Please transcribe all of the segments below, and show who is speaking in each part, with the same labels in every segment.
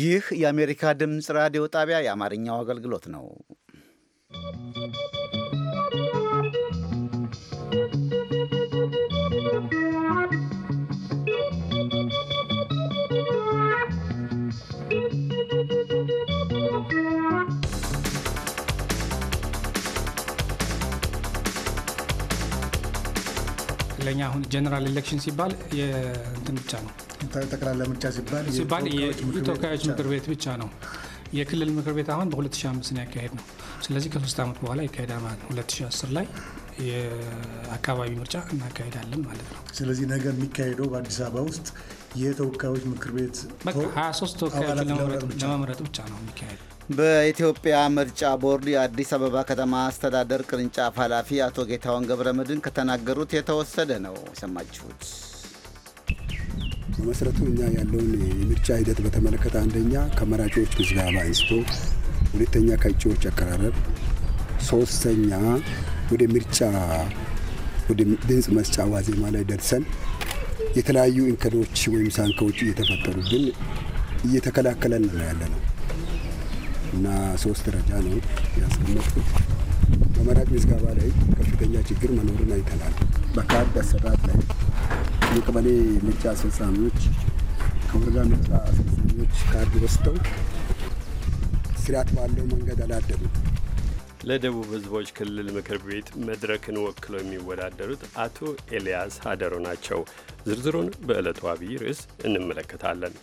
Speaker 1: ይህ የአሜሪካ ድምፅ ራዲዮ ጣቢያ የአማርኛው አገልግሎት ነው።
Speaker 2: ትክክለኛ አሁን ጀነራል ኤሌክሽን ሲባል የእንትን ብቻ ነው።
Speaker 3: ጠቅላላ ምርጫ ሲባል ሲባል የተወካዮች ምክር
Speaker 2: ቤት ብቻ ነው። የክልል ምክር ቤት አሁን በ2005 ነው ያካሄድ ነው። ስለዚህ ከሶስት ዓመት በኋላ ይካሄዳል ማለት 2010 ላይ የአካባቢ ምርጫ እናካሄዳለን ማለት ነው።
Speaker 3: ስለዚህ ነገር የሚካሄደው በአዲስ አበባ ውስጥ የተወካዮች ምክር ቤት ሀያ ተወካዮች ለመምረጥ ብቻ ነው የሚካሄደው።
Speaker 1: በኢትዮጵያ ምርጫ ቦርድ የአዲስ አበባ ከተማ አስተዳደር ቅርንጫፍ ኃላፊ አቶ ጌታሁን ገብረ መድን ከተናገሩት የተወሰደ ነው የሰማችሁት።
Speaker 4: በመሰረቱ እኛ ያለውን የምርጫ ሂደት በተመለከተ አንደኛ ከመራጮች ምዝገባ አንስቶ፣ ሁለተኛ ከእጩዎች አቀራረብ፣ ሶስተኛ ወደ ምርጫ ወደ ድምፅ መስጫ ዋዜማ ላይ ደርሰን የተለያዩ እንከዶች ወይም ሳንካዎች ግን እየተከላከለን ነው ያለ ነው እና ሶስት ደረጃ ነው ያስቀመጥኩት። በመራጭ ምዝገባ ላይ ከፍተኛ ችግር መኖሩን አይተናል። በካርድ አሰራር ላይ የቀበሌ ምርጫ አስፈጻሚዎች ከወረዳ ምርጫ አስፈጻሚዎች ካርድ ወስደው ስርዓት ባለው መንገድ አላደሉም።
Speaker 5: ለደቡብ ህዝቦች ክልል ምክር ቤት መድረክን ወክለው የሚወዳደሩት አቶ ኤልያስ ሀደሮ ናቸው። ዝርዝሩን በዕለቱ አብይ ርዕስ እንመለከታለን።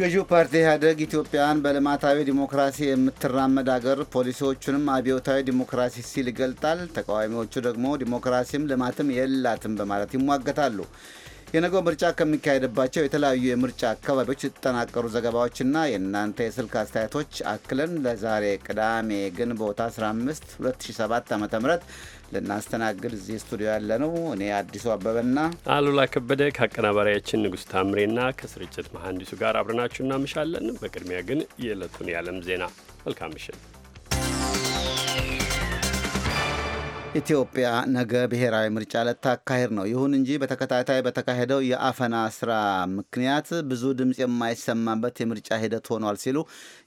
Speaker 1: ገዢው ፓርቲ ኢህአደግ ኢትዮጵያን በልማታዊ ዲሞክራሲ የምትራመድ አገር፣ ፖሊሲዎቹንም አብዮታዊ ዲሞክራሲ ሲል ይገልጣል። ተቃዋሚዎቹ ደግሞ ዲሞክራሲም ልማትም የላትም በማለት ይሟገታሉ። የነገው ምርጫ ከሚካሄድባቸው የተለያዩ የምርጫ አካባቢዎች የተጠናቀሩ ዘገባዎችና የእናንተ የስልክ አስተያየቶች አክለን ለዛሬ ቅዳሜ ግንቦት 15 2007 ዓ ም ልናስተናግድ እዚህ ስቱዲዮ ያለ ነው። እኔ አዲሱ አበበና
Speaker 5: አሉላ ከበደ ከአቀናባሪያችን ንጉሥ ታምሬና ከስርጭት መሐንዲሱ ጋር አብረናችሁ እናምሻለን። በቅድሚያ ግን የዕለቱን የዓለም ዜና። መልካም ምሽት።
Speaker 1: ኢትዮጵያ ነገ ብሔራዊ ምርጫ ልታካሄድ ነው። ይሁን እንጂ በተከታታይ በተካሄደው የአፈና ስራ ምክንያት ብዙ ድምፅ የማይሰማበት የምርጫ ሂደት ሆኗል ሲሉ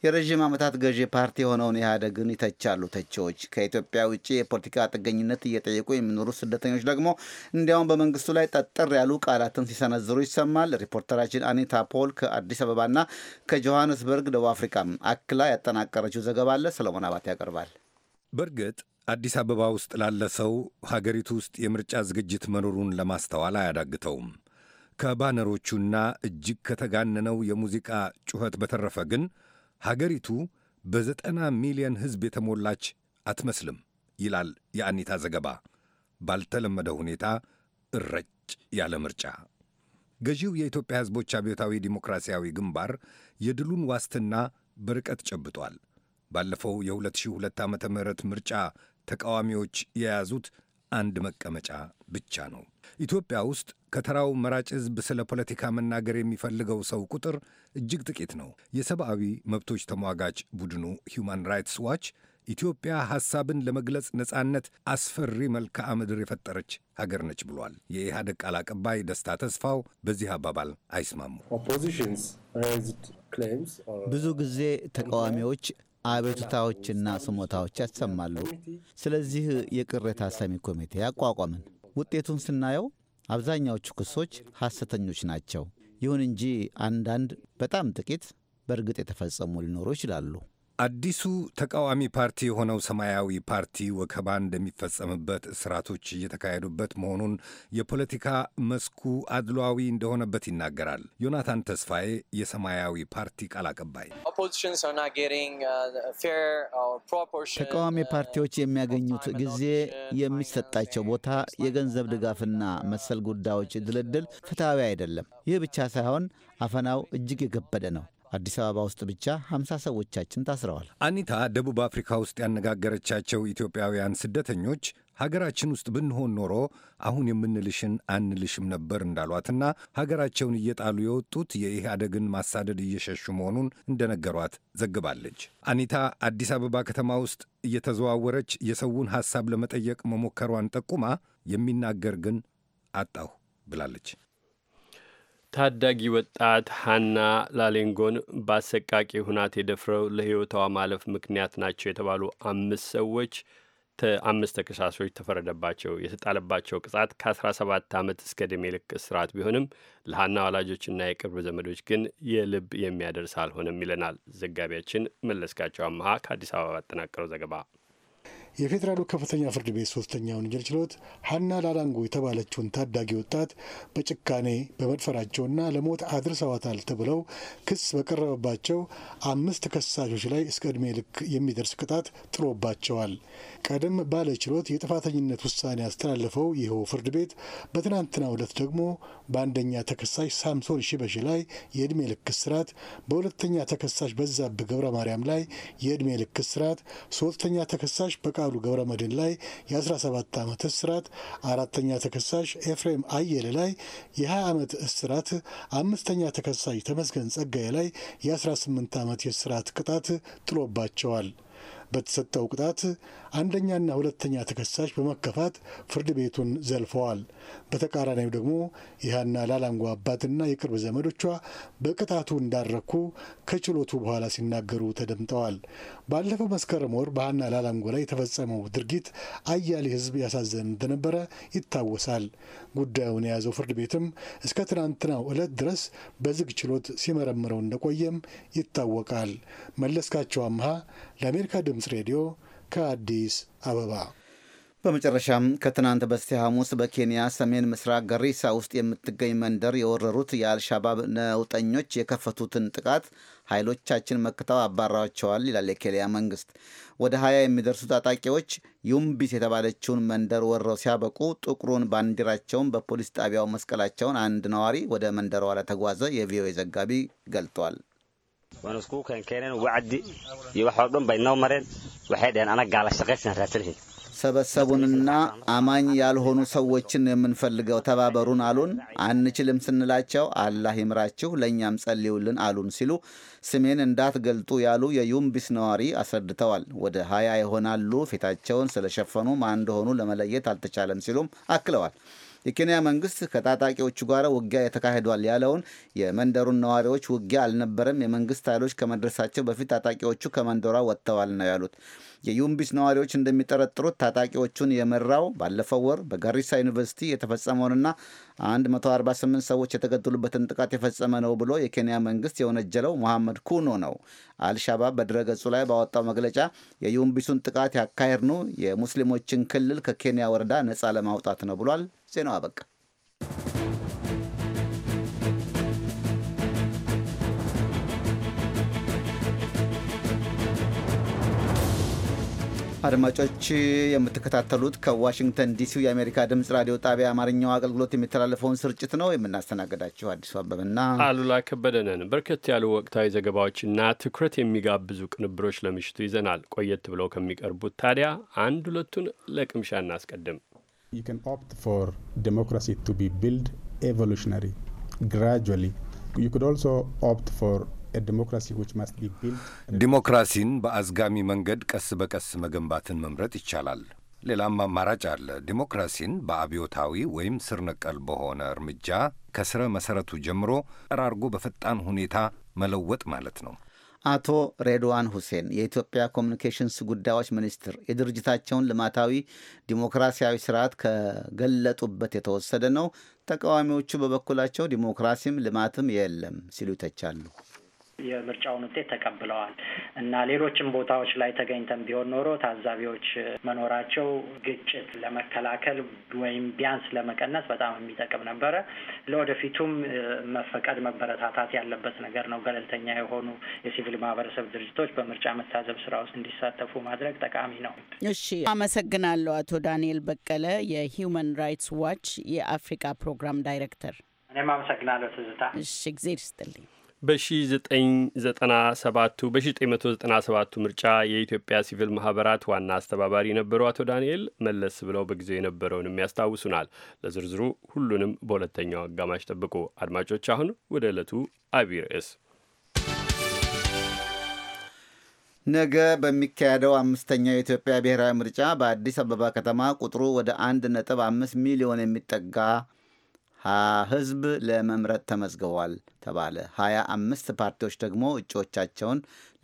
Speaker 1: የረዥም ዓመታት ገዢ ፓርቲ የሆነውን ኢህአዴግን ይተቻሉ። ተቺዎች ከኢትዮጵያ ውጭ የፖለቲካ ጥገኝነት እየጠየቁ የሚኖሩ ስደተኞች ደግሞ እንዲያውም በመንግስቱ ላይ ጠጠር ያሉ ቃላትን ሲሰነዝሩ ይሰማል። ሪፖርተራችን አኒታ ፖል ከአዲስ አበባና ከጆሃንስበርግ ደቡብ አፍሪካ አክላ ያጠናቀረችው ዘገባ አለ። ሰለሞን አባት ያቀርባል።
Speaker 6: በእርግጥ አዲስ አበባ ውስጥ ላለ ሰው ሀገሪቱ ውስጥ የምርጫ ዝግጅት መኖሩን ለማስተዋል አያዳግተውም። ከባነሮቹና እጅግ ከተጋነነው የሙዚቃ ጩኸት በተረፈ ግን ሀገሪቱ በዘጠና ሚሊዮን ሕዝብ የተሞላች አትመስልም ይላል የአኒታ ዘገባ። ባልተለመደ ሁኔታ እረጭ ያለ ምርጫ ገዢው የኢትዮጵያ ሕዝቦች አብዮታዊ ዲሞክራሲያዊ ግንባር የድሉን ዋስትና በርቀት ጨብጧል። ባለፈው የ2002 ዓ ም ምርጫ ተቃዋሚዎች የያዙት አንድ መቀመጫ ብቻ ነው። ኢትዮጵያ ውስጥ ከተራው መራጭ ሕዝብ ስለ ፖለቲካ መናገር የሚፈልገው ሰው ቁጥር እጅግ ጥቂት ነው። የሰብአዊ መብቶች ተሟጋች ቡድኑ ሁማን ራይትስ ዋች ኢትዮጵያ ሐሳብን ለመግለጽ ነጻነት አስፈሪ መልክዓ ምድር የፈጠረች ሀገር ነች ብሏል። የኢህአደግ ቃል አቀባይ ደስታ ተስፋው በዚህ አባባል አይስማሙ። ብዙ
Speaker 1: ጊዜ ተቃዋሚዎች አቤቱታዎችና ስሞታዎች ያሰማሉ። ስለዚህ የቅሬታ ሰሚ ኮሚቴ አቋቋምን። ውጤቱን ስናየው አብዛኛዎቹ ክሶች ሐሰተኞች ናቸው።
Speaker 6: ይሁን እንጂ አንዳንድ በጣም ጥቂት በእርግጥ የተፈጸሙ ሊኖሩ ይችላሉ። አዲሱ ተቃዋሚ ፓርቲ የሆነው ሰማያዊ ፓርቲ ወከባ እንደሚፈጸምበት፣ እስራቶች እየተካሄዱበት መሆኑን፣ የፖለቲካ መስኩ አድሏዊ እንደሆነበት ይናገራል። ዮናታን ተስፋዬ የሰማያዊ ፓርቲ ቃል አቀባይ፣
Speaker 2: uh, uh, ተቃዋሚ
Speaker 6: uh, ፓርቲዎች የሚያገኙት ጊዜ፣
Speaker 1: የሚሰጣቸው ቦታ፣ የገንዘብ ድጋፍና መሰል ጉዳዮች ድልድል ፍትሐዊ አይደለም። ይህ ብቻ ሳይሆን አፈናው እጅግ የከበደ ነው። አዲስ አበባ ውስጥ ብቻ 50 ሰዎቻችን
Speaker 6: ታስረዋል። አኒታ ደቡብ አፍሪካ ውስጥ ያነጋገረቻቸው ኢትዮጵያውያን ስደተኞች ሀገራችን ውስጥ ብንሆን ኖሮ አሁን የምንልሽን አንልሽም ነበር እንዳሏትና ሀገራቸውን እየጣሉ የወጡት የኢህአደግን ማሳደድ እየሸሹ መሆኑን እንደነገሯት ዘግባለች። አኒታ አዲስ አበባ ከተማ ውስጥ እየተዘዋወረች የሰውን ሐሳብ ለመጠየቅ መሞከሯን ጠቁማ የሚናገር ግን አጣሁ ብላለች።
Speaker 5: ታዳጊ ወጣት ሀና ላሌንጎን በአሰቃቂ ሁናት የደፍረው ለሕይወቷ ማለፍ ምክንያት ናቸው የተባሉ አምስት ሰዎች አምስት ተከሳሾች ተፈረደባቸው። የተጣለባቸው ቅጣት ከ17 ዓመት እስከ ዕድሜ ልክ እስራት ቢሆንም ለሀና ወላጆችና የቅርብ ዘመዶች ግን የልብ የሚያደርስ አልሆነም ይለናል ዘጋቢያችን መለስካቸው አመሃ ከአዲስ አበባ ያጠናቀረው ዘገባ።
Speaker 3: የፌዴራሉ ከፍተኛ ፍርድ ቤት ሶስተኛ ወንጀል ችሎት ሀና ላላንጎ የተባለችውን ታዳጊ ወጣት በጭካኔ በመድፈራቸውና ለሞት አድርሰዋታል ተብለው ክስ በቀረበባቸው አምስት ከሳሾች ላይ እስከ ዕድሜ ልክ የሚደርስ ቅጣት ጥሎባቸዋል። ቀደም ባለ ችሎት የጥፋተኝነት ውሳኔ ያስተላለፈው ይኸው ፍርድ ቤት በትናንትናው ዕለት ደግሞ በአንደኛ ተከሳሽ ሳምሶን ሽበሽ ላይ የዕድሜ ልክ እስራት፣ በሁለተኛ ተከሳሽ በዛብህ ገብረ ማርያም ላይ የዕድሜ ልክ እስራት፣ ሶስተኛ ተከሳሽ በቃሉ ገብረ መድን ላይ የ17 ዓመት እስራት፣ አራተኛ ተከሳሽ ኤፍሬም አየለ ላይ የ20 ዓመት እስራት፣ አምስተኛ ተከሳሽ ተመስገን ጸጋዬ ላይ የ18 ዓመት የእስራት ቅጣት ጥሎባቸዋል። በተሰጠው ቅጣት አንደኛና ሁለተኛ ተከሳሽ በመከፋት ፍርድ ቤቱን ዘልፈዋል። በተቃራኒው ደግሞ የሃና ላላንጎ አባትና የቅርብ ዘመዶቿ በቅጣቱ እንዳረኩ ከችሎቱ በኋላ ሲናገሩ ተደምጠዋል። ባለፈው መስከረም ወር በሃና ላላንጎ ላይ የተፈጸመው ድርጊት አያሌ ሕዝብ ያሳዘን እንደነበረ ይታወሳል። ጉዳዩን የያዘው ፍርድ ቤትም እስከ ትናንትናው ዕለት ድረስ በዝግ ችሎት ሲመረምረው እንደቆየም ይታወቃል። መለስካቸው አምሃ ለአሜሪካ ድምፅ ሬዲዮ ከአዲስ አበባ።
Speaker 1: በመጨረሻም ከትናንት በስቲያ ሐሙስ በኬንያ ሰሜን ምስራቅ ገሪሳ ውስጥ የምትገኝ መንደር የወረሩት የአልሻባብ ነውጠኞች የከፈቱትን ጥቃት ኃይሎቻችን መክተው አባራቸዋል ይላል የኬንያ መንግስት። ወደ ሀያ የሚደርሱ ታጣቂዎች ዩምቢስ የተባለችውን መንደር ወረው ሲያበቁ ጥቁሩን ባንዲራቸውን በፖሊስ ጣቢያው መስቀላቸውን አንድ ነዋሪ ወደ መንደሯ ለተጓዘ የቪኦኤ ዘጋቢ ገልጧል። waanu iskuu keenkeeneen wacdi iyo wax dhan bay noo mareen waxay dhaheen ana gaala shaqaysan raadsanhay ሰበሰቡንና አማኝ ያልሆኑ ሰዎችን የምንፈልገው ተባበሩን አሉን። አንችልም ስንላቸው አላህ ይምራችሁ ለእኛም ጸልዩልን አሉን ሲሉ ስሜን እንዳትገልጡ ያሉ የዩምቢስ ነዋሪ አስረድተዋል። ወደ ሀያ ይሆናሉ። ፊታቸውን ስለሸፈኑ ማን እንደሆኑ ለመለየት አልተቻለም ሲሉም አክለዋል። የኬንያ መንግስት ከታጣቂዎቹ ጋር ውጊያ የተካሄዷል ያለውን የመንደሩን ነዋሪዎች ውጊያ አልነበረም፣ የመንግስት ኃይሎች ከመድረሳቸው በፊት ታጣቂዎቹ ከመንደሯ ወጥተዋል ነው ያሉት። የዩምቢስ ነዋሪዎች እንደሚጠረጥሩት ታጣቂዎቹን የመራው ባለፈው ወር በጋሪሳ ዩኒቨርሲቲ የተፈጸመውንና 148 ሰዎች የተገደሉበትን ጥቃት የፈጸመ ነው ብሎ የኬንያ መንግስት የወነጀለው መሐመድ መሐመድ ኩኖ ነው። አልሻባብ በድረገጹ ላይ ባወጣው መግለጫ የዩምቢሱን ጥቃት ያካሄድ ነው የሙስሊሞችን ክልል ከኬንያ ወረዳ ነፃ ለማውጣት ነው ብሏል። ዜናው አበቃ። አድማጮች የምትከታተሉት ከዋሽንግተን ዲሲው የአሜሪካ ድምፅ ራዲዮ ጣቢያ አማርኛው አገልግሎት የሚተላለፈውን ስርጭት ነው። የምናስተናግዳችሁ አዲሱ አበብና
Speaker 5: አሉላ ከበደነን። በርከት ያሉ ወቅታዊ ዘገባዎችና ትኩረት የሚጋብዙ ቅንብሮች ለምሽቱ ይዘናል። ቆየት ብለው ከሚቀርቡት ታዲያ አንድ ሁለቱን ለቅምሻ እናስቀድም።
Speaker 3: You can opt for democracy to be built evolutionary, gradually.
Speaker 6: ዲሞክራሲን በአዝጋሚ መንገድ ቀስ በቀስ መገንባትን መምረጥ ይቻላል። ሌላም አማራጭ አለ። ዲሞክራሲን በአብዮታዊ ወይም ስር ነቀል በሆነ እርምጃ ከስረ መሰረቱ ጀምሮ ጠራርጎ በፈጣን ሁኔታ መለወጥ ማለት ነው። አቶ ሬድዋን ሁሴን
Speaker 1: የኢትዮጵያ ኮሚኒኬሽንስ ጉዳዮች ሚኒስትር የድርጅታቸውን ልማታዊ ዲሞክራሲያዊ ስርዓት ከገለጡበት የተወሰደ ነው። ተቃዋሚዎቹ በበኩላቸው ዲሞክራሲም ልማትም የለም ሲሉ ይተቻሉ።
Speaker 7: የምርጫውን ውጤት ተቀብለዋል እና ሌሎችም ቦታዎች ላይ ተገኝተን ቢሆን ኖሮ ታዛቢዎች መኖራቸው ግጭት ለመከላከል ወይም ቢያንስ ለመቀነስ በጣም የሚጠቅም ነበረ። ለወደፊቱም መፈቀድ መበረታታት ያለበት ነገር ነው። ገለልተኛ የሆኑ የሲቪል ማህበረሰብ ድርጅቶች በምርጫ መታዘብ ስራ ውስጥ እንዲሳተፉ ማድረግ ጠቃሚ ነው።
Speaker 8: እሺ፣ አመሰግናለሁ። አቶ ዳንኤል በቀለ የሂውማን ራይትስ ዋች የአፍሪካ ፕሮግራም ዳይሬክተር።
Speaker 7: እኔም አመሰግናለሁ ትዝታ። እሺ፣ እግዜር ይስጥልኝ።
Speaker 5: በ1997 በ ምርጫ የኢትዮጵያ ሲቪል ማህበራት ዋና አስተባባሪ የነበሩ አቶ ዳንኤል መለስ ብለው በጊዜው የነበረውንም ያስታውሱናል። ለዝርዝሩ ሁሉንም በሁለተኛው አጋማሽ ጠብቁ። አድማጮች አሁን ወደ ዕለቱ አቢይ ርዕስ
Speaker 1: ነገ በሚካሄደው አምስተኛው የኢትዮጵያ ብሔራዊ ምርጫ በአዲስ አበባ ከተማ ቁጥሩ ወደ አንድ ነጥብ አምስት ሚሊዮን የሚጠጋ ህዝብ ለመምረጥ ተመዝግቧል ተባለ። ሀያ አምስት ፓርቲዎች ደግሞ እጩዎቻቸውን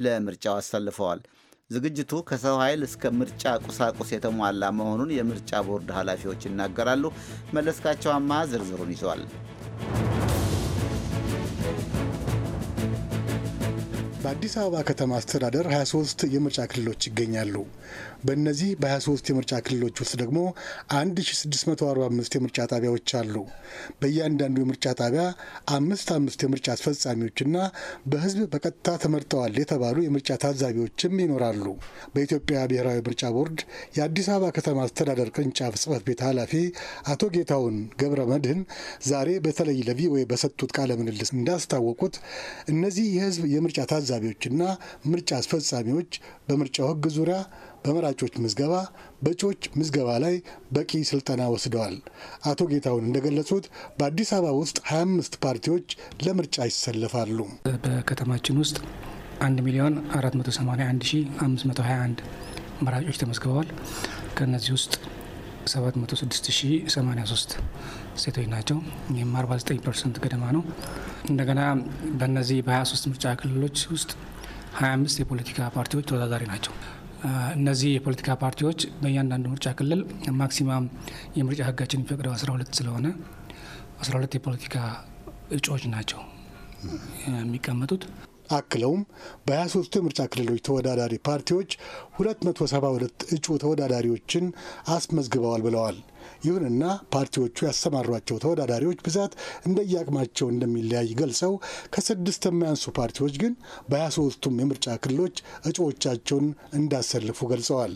Speaker 1: ለምርጫው አሰልፈዋል። ዝግጅቱ ከሰው ኃይል እስከ ምርጫ ቁሳቁስ የተሟላ መሆኑን የምርጫ ቦርድ ኃላፊዎች ይናገራሉ። መለስካቸዋማ ዝርዝሩን ይዟል።
Speaker 3: በአዲስ አበባ ከተማ አስተዳደር 23 የምርጫ ክልሎች ይገኛሉ። በእነዚህ በ23 የምርጫ ክልሎች ውስጥ ደግሞ 1645 የምርጫ ጣቢያዎች አሉ። በእያንዳንዱ የምርጫ ጣቢያ አምስት አምስት የምርጫ አስፈጻሚዎችና በህዝብ በቀጥታ ተመርጠዋል የተባሉ የምርጫ ታዛቢዎችም ይኖራሉ። በኢትዮጵያ ብሔራዊ ምርጫ ቦርድ የአዲስ አበባ ከተማ አስተዳደር ቅርንጫፍ ጽህፈት ቤት ኃላፊ አቶ ጌታውን ገብረ መድህን ዛሬ በተለይ ለቪኦኤ በሰጡት ቃለ ምልልስ እንዳስታወቁት እነዚህ የህዝብ የምርጫ ታዛቢዎችና ምርጫ አስፈጻሚዎች በምርጫው ህግ ዙሪያ በመራጮች ምዝገባ፣ በእጩዎች ምዝገባ ላይ በቂ ስልጠና ወስደዋል። አቶ ጌታሁን እንደገለጹት በአዲስ አበባ ውስጥ 25 ፓርቲዎች ለምርጫ ይሰለፋሉ።
Speaker 2: በከተማችን ውስጥ 1 ሚሊዮን 481521 መራጮች ተመዝግበዋል። ከእነዚህ ውስጥ 76083 ሴቶች ናቸው። ይህም 49 ፐርሰንት ገደማ ነው። እንደገና በእነዚህ በ23 ምርጫ ክልሎች ውስጥ 25 የፖለቲካ ፓርቲዎች ተወዳዳሪ ናቸው። እነዚህ የፖለቲካ ፓርቲዎች በእያንዳንዱ ምርጫ ክልል ማክሲማም የምርጫ ህጋችን የሚፈቅደው አስራ ሁለት ስለሆነ አስራ ሁለት የፖለቲካ እጩዎች ናቸው
Speaker 3: የሚቀመጡት። አክለውም በ 23 ምርጫ ክልሎች ተወዳዳሪ ፓርቲዎች 272 እጩ ተወዳዳሪዎችን አስመዝግበዋል ብለዋል። ይሁንና ፓርቲዎቹ ያሰማሯቸው ተወዳዳሪዎች ብዛት እንደየአቅማቸው እንደሚለያይ ገልጸው ከስድስት የማያንሱ ፓርቲዎች ግን በ23ቱም የምርጫ ክልሎች እጩዎቻቸውን እንዳሰልፉ ገልጸዋል።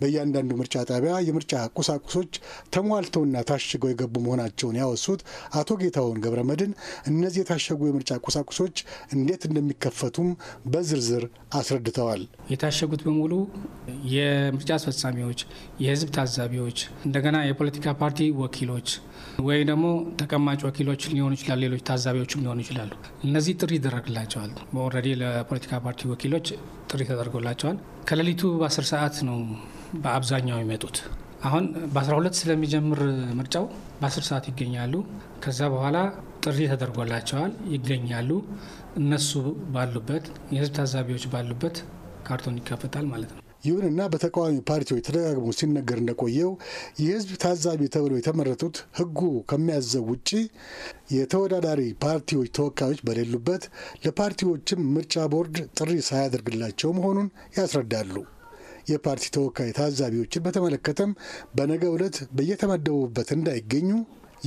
Speaker 3: በእያንዳንዱ ምርጫ ጣቢያ የምርጫ ቁሳቁሶች ተሟልተውና ታሽገው የገቡ መሆናቸውን ያወሱት አቶ ጌታሁን ገብረ መድን እነዚህ የታሸጉ የምርጫ ቁሳቁሶች እንዴት እንደሚከፈቱም በዝርዝር አስረድተዋል። የታሸጉት በሙሉ
Speaker 2: የምርጫ አስፈጻሚዎች፣ የህዝብ ታዛቢዎች፣ እንደገና የፖለቲካ ፓርቲ ወኪሎች ወይ ደግሞ ተቀማጭ ወኪሎች ሊሆኑ ይችላል፣ ሌሎች ታዛቢዎችም ሊሆኑ ይችላሉ። እነዚህ ጥሪ ይደረግላቸዋል። ኦልሬዲ ለፖለቲካ ፓርቲ ወኪሎች ጥሪ ተደርጎላቸዋል። ከሌሊቱ በ10 ሰዓት ነው በአብዛኛው የሚመጡት። አሁን በ12 ስለሚጀምር ምርጫው በ10 ሰዓት ይገኛሉ። ከዛ በኋላ ጥሪ ተደርጎላቸዋል ይገኛሉ። እነሱ ባሉበት የህዝብ ታዛቢዎች ባሉበት ካርቶን
Speaker 3: ይከፈታል ማለት ነው። ይሁንና በተቃዋሚ ፓርቲዎች ተደጋግሞ ሲነገር እንደቆየው የህዝብ ታዛቢ ተብለው የተመረጡት ህጉ ከሚያዘው ውጪ የተወዳዳሪ ፓርቲዎች ተወካዮች በሌሉበት ለፓርቲዎችም ምርጫ ቦርድ ጥሪ ሳያደርግላቸው መሆኑን ያስረዳሉ። የፓርቲ ተወካይ ታዛቢዎችን በተመለከተም በነገ ዕለት በየተመደቡበት እንዳይገኙ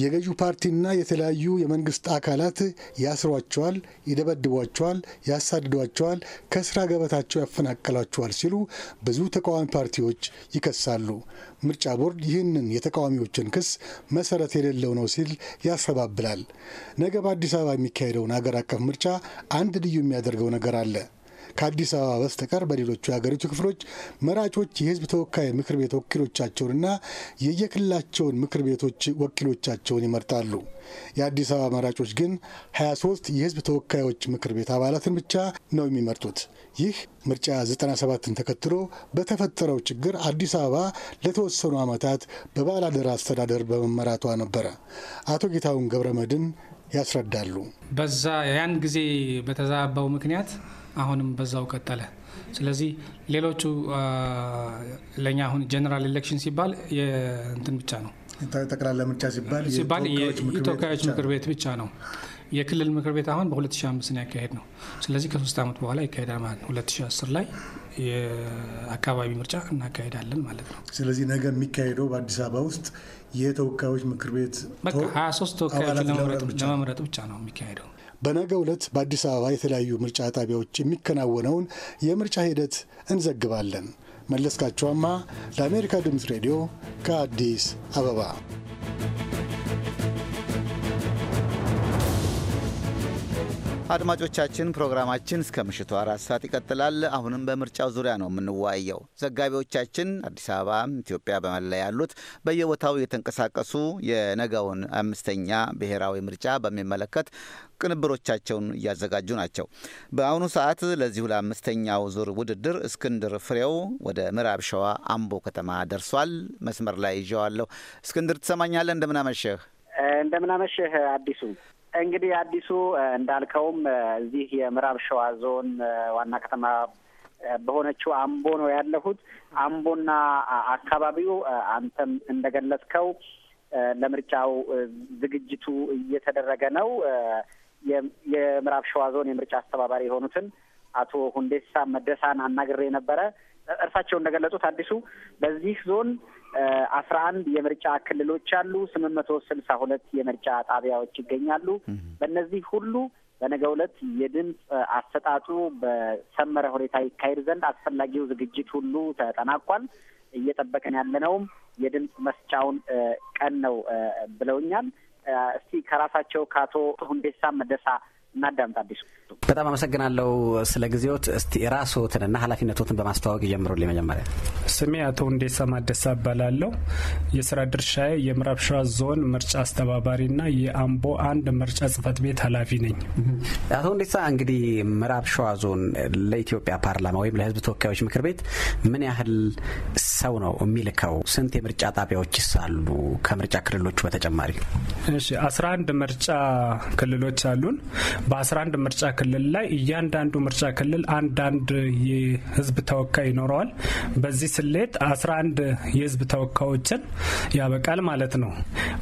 Speaker 3: የገዢው ፓርቲና የተለያዩ የመንግስት አካላት ያስሯቸዋል፣ ይደበድቧቸዋል፣ ያሳድዷቸዋል፣ ከስራ ገበታቸው ያፈናቀሏቸዋል ሲሉ ብዙ ተቃዋሚ ፓርቲዎች ይከሳሉ። ምርጫ ቦርድ ይህንን የተቃዋሚዎችን ክስ መሰረት የሌለው ነው ሲል ያስተባብላል። ነገ በአዲስ አበባ የሚካሄደውን አገር አቀፍ ምርጫ አንድ ልዩ የሚያደርገው ነገር አለ። ከአዲስ አበባ በስተቀር በሌሎቹ የሀገሪቱ ክፍሎች መራጮች የህዝብ ተወካይ ምክር ቤት ወኪሎቻቸውንና የየክልላቸውን ምክር ቤቶች ወኪሎቻቸውን ይመርጣሉ። የአዲስ አበባ መራጮች ግን 23 የህዝብ ተወካዮች ምክር ቤት አባላትን ብቻ ነው የሚመርጡት። ይህ ምርጫ 97ን ተከትሎ በተፈጠረው ችግር አዲስ አበባ ለተወሰኑ ዓመታት በባለአደራ አስተዳደር በመመራቷ ነበረ። አቶ ጌታሁን ገብረ መድን ያስረዳሉ።
Speaker 2: በዛ ያን ጊዜ በተዛባው ምክንያት አሁንም በዛው ቀጠለ። ስለዚህ ሌሎቹ ለእኛ አሁን ጀነራል ኤሌክሽን ሲባል እንትን ብቻ ነው
Speaker 3: ጠቅላላ ምርጫ ሲባል የተወካዮች ምክር
Speaker 2: ቤት ብቻ ነው። የክልል ምክር ቤት አሁን በ2005 ያካሄድ ነው። ስለዚህ ከሶስት ዓመት በኋላ ይካሄዳል ማለት ነው። 2010 ላይ የአካባቢ ምርጫ እናካሄዳለን ማለት ነው።
Speaker 3: ስለዚህ ነገ የሚካሄደው በአዲስ አበባ ውስጥ የተወካዮች ምክር ቤት 23 ተወካዮች ለመምረጥ ብቻ ነው የሚካሄደው። በነገ ዕለት በአዲስ አበባ የተለያዩ ምርጫ ጣቢያዎች የሚከናወነውን የምርጫ ሂደት እንዘግባለን። መለስካቸዋማ ለአሜሪካ ድምፅ ሬዲዮ ከአዲስ አበባ
Speaker 1: አድማጮቻችን ፕሮግራማችን እስከ ምሽቱ አራት ሰዓት ይቀጥላል። አሁንም በምርጫው ዙሪያ ነው የምንወያየው። ዘጋቢዎቻችን አዲስ አበባ፣ ኢትዮጵያ በመላ ያሉት በየቦታው የተንቀሳቀሱ የነገውን አምስተኛ ብሔራዊ ምርጫ በሚመለከት ቅንብሮቻቸውን እያዘጋጁ ናቸው። በአሁኑ ሰዓት ለዚሁ ለአምስተኛው ዙር ውድድር እስክንድር ፍሬው ወደ ምዕራብ ሸዋ አምቦ ከተማ ደርሷል። መስመር ላይ ይዤዋለሁ። እስክንድር ትሰማኛለህ? እንደምናመሸህ
Speaker 9: እንደምናመሸህ አዲሱ እንግዲህ አዲሱ እንዳልከውም እዚህ የምዕራብ ሸዋ ዞን ዋና ከተማ በሆነችው አምቦ ነው ያለሁት። አምቦና አካባቢው አንተም እንደገለጽከው ለምርጫው ዝግጅቱ እየተደረገ ነው። የምዕራብ ሸዋ ዞን የምርጫ አስተባባሪ የሆኑትን አቶ ሁንዴሳ መደሳን አናግሬ ነበረ። እርሳቸው እንደገለጹት አዲሱ በዚህ ዞን አስራ አንድ የምርጫ ክልሎች አሉ። ስምንት መቶ ስልሳ ሁለት የምርጫ ጣቢያዎች ይገኛሉ። በእነዚህ ሁሉ በነገ ዕለት የድምፅ አሰጣጡ በሰመረ ሁኔታ ይካሄድ ዘንድ አስፈላጊው ዝግጅት ሁሉ ተጠናቋል። እየጠበቀን ያለነውም የድምፅ መስጫውን ቀን ነው ብለውኛል። እስቲ ከራሳቸው ከአቶ ሁንዴሳ መደሳ እናዳምጥ።
Speaker 10: አዲሱ በጣም አመሰግናለሁ ስለ ጊዜዎት። እስቲ ራስዎትንና ኃላፊነቶትን በማስተዋወቅ ይጀምሩልኝ። መጀመሪያ ስሜ አቶ ሁንዴሳ ማደሳ እባላለሁ። የስራ ድርሻዬ
Speaker 11: የምዕራብ ሸዋ ዞን ምርጫ አስተባባሪና የአምቦ አንድ ምርጫ ጽህፈት ቤት ኃላፊ ነኝ።
Speaker 10: አቶ ሁንዴሳ እንግዲህ ምዕራብ ሸዋ ዞን ለኢትዮጵያ ፓርላማ ወይም ለህዝብ ተወካዮች ምክር ቤት ምን ያህል ሰው ነው የሚልከው? ስንት የምርጫ ጣቢያዎች አሉ? ከምርጫ ክልሎቹ በተጨማሪ
Speaker 11: እሺ፣ አስራ አንድ ምርጫ ክልሎች አሉን። በ11 ምርጫ ክልል ላይ እያንዳንዱ ምርጫ ክልል አንዳንድ የህዝብ ተወካይ ይኖረዋል። በዚህ ስሌት 11 የህዝብ ተወካዮችን ያበቃል ማለት ነው።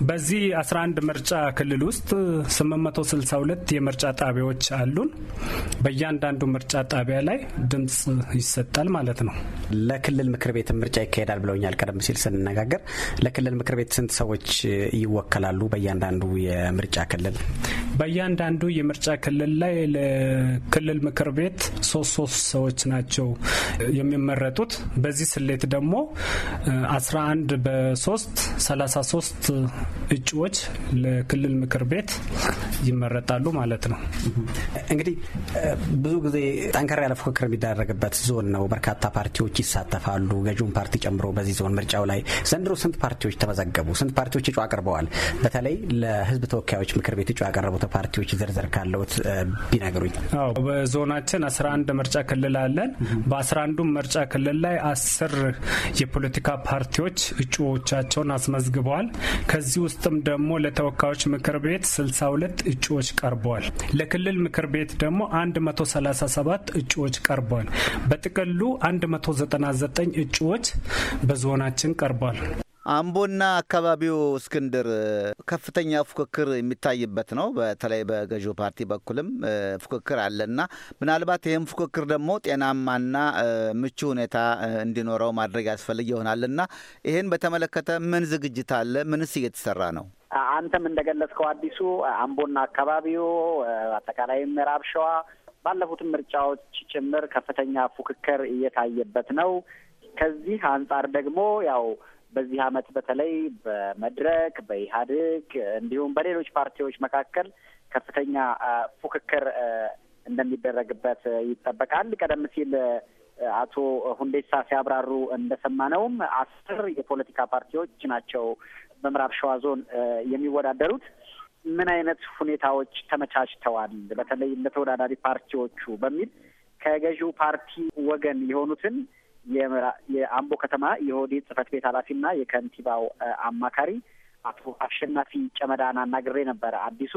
Speaker 11: በዚህ 11 ምርጫ ክልል ውስጥ 862 የምርጫ ጣቢያዎች አሉን። በእያንዳንዱ ምርጫ ጣቢያ ላይ ድምጽ ይሰጣል ማለት
Speaker 10: ነው። ለክልል ምክር ቤት ምርጫ ይካሄዳል ብለውኛል። ቀደም ሲል ስንነጋገር ለክልል ምክር ቤት ስንት ሰዎች ይወከላሉ? በእያንዳንዱ የምርጫ ክልል በእያንዳንዱ የምርጫ
Speaker 11: ክልል ላይ ለክልል ምክር ቤት ሶስት ሶስት ሰዎች ናቸው የሚመረጡት። በዚህ ስሌት ደግሞ 11 በ3 33 እጩዎች ለክልል ምክር ቤት ይመረጣሉ ማለት ነው።
Speaker 10: እንግዲህ ብዙ ጊዜ ጠንከር ያለ ፉክክር የሚደረግበት ዞን ነው። በርካታ ፓርቲዎች ይሳተፋሉ፣ ገዢውን ፓርቲ ጨምሮ በዚህ ዞን ምርጫው ላይ ዘንድሮ ስንት ፓርቲዎች ተመዘገቡ? ስንት ፓርቲዎች እጩ አቅርበዋል? በተለይ ለህዝብ ተወካዮች ምክር ቤት እጩ ያቀረቡት ፓርቲዎች ዝርዝር ካለውት ቢነግሩኝ።
Speaker 11: አዎ በዞናችን አንድ ምርጫ ክልል አለን በአስራ አንዱም ምርጫ ክልል ላይ አስር የፖለቲካ ፓርቲዎች እጩዎቻቸውን አስመዝግበዋል። ከዚህ ውስጥም ደግሞ ለተወካዮች ምክር ቤት 62 እጩዎች ቀርበዋል። ለክልል ምክር ቤት ደግሞ 137 እጩዎች ቀርበዋል። በጥቅሉ 199 እጩዎች በዞናችን ቀርበዋል።
Speaker 1: አምቦና አካባቢው እስክንድር ከፍተኛ ፉክክር የሚታይበት ነው። በተለይ በገዢው ፓርቲ በኩልም ፉክክር አለና ምናልባት ይህም ፉክክር ደግሞ ጤናማና ምቹ ሁኔታ እንዲኖረው ማድረግ ያስፈልግ ይሆናልና ይህን በተመለከተ ምን ዝግጅት አለ? ምንስ እየተሰራ ነው?
Speaker 9: አንተም እንደገለጽከው አዲሱ አምቦና አካባቢው አጠቃላይ ምዕራብ ሸዋ ባለፉትም ምርጫዎች ጭምር ከፍተኛ ፉክክር እየታየበት ነው። ከዚህ አንጻር ደግሞ ያው በዚህ ዓመት በተለይ በመድረክ በኢህአዴግ እንዲሁም በሌሎች ፓርቲዎች መካከል ከፍተኛ ፉክክር እንደሚደረግበት ይጠበቃል። ቀደም ሲል አቶ ሁንዴሳ ሲያብራሩ እንደሰማነውም አስር የፖለቲካ ፓርቲዎች ናቸው በምዕራብ ሸዋ ዞን የሚወዳደሩት ምን አይነት ሁኔታዎች ተመቻችተዋል? በተለይ ለተወዳዳሪ ፓርቲዎቹ በሚል ከገዢው ፓርቲ ወገን የሆኑትን የአምቦ ከተማ የኦህዴድ ጽህፈት ቤት ኃላፊና የከንቲባው አማካሪ አቶ አሸናፊ ጨመዳን አናግሬ ነበረ። አዲሱ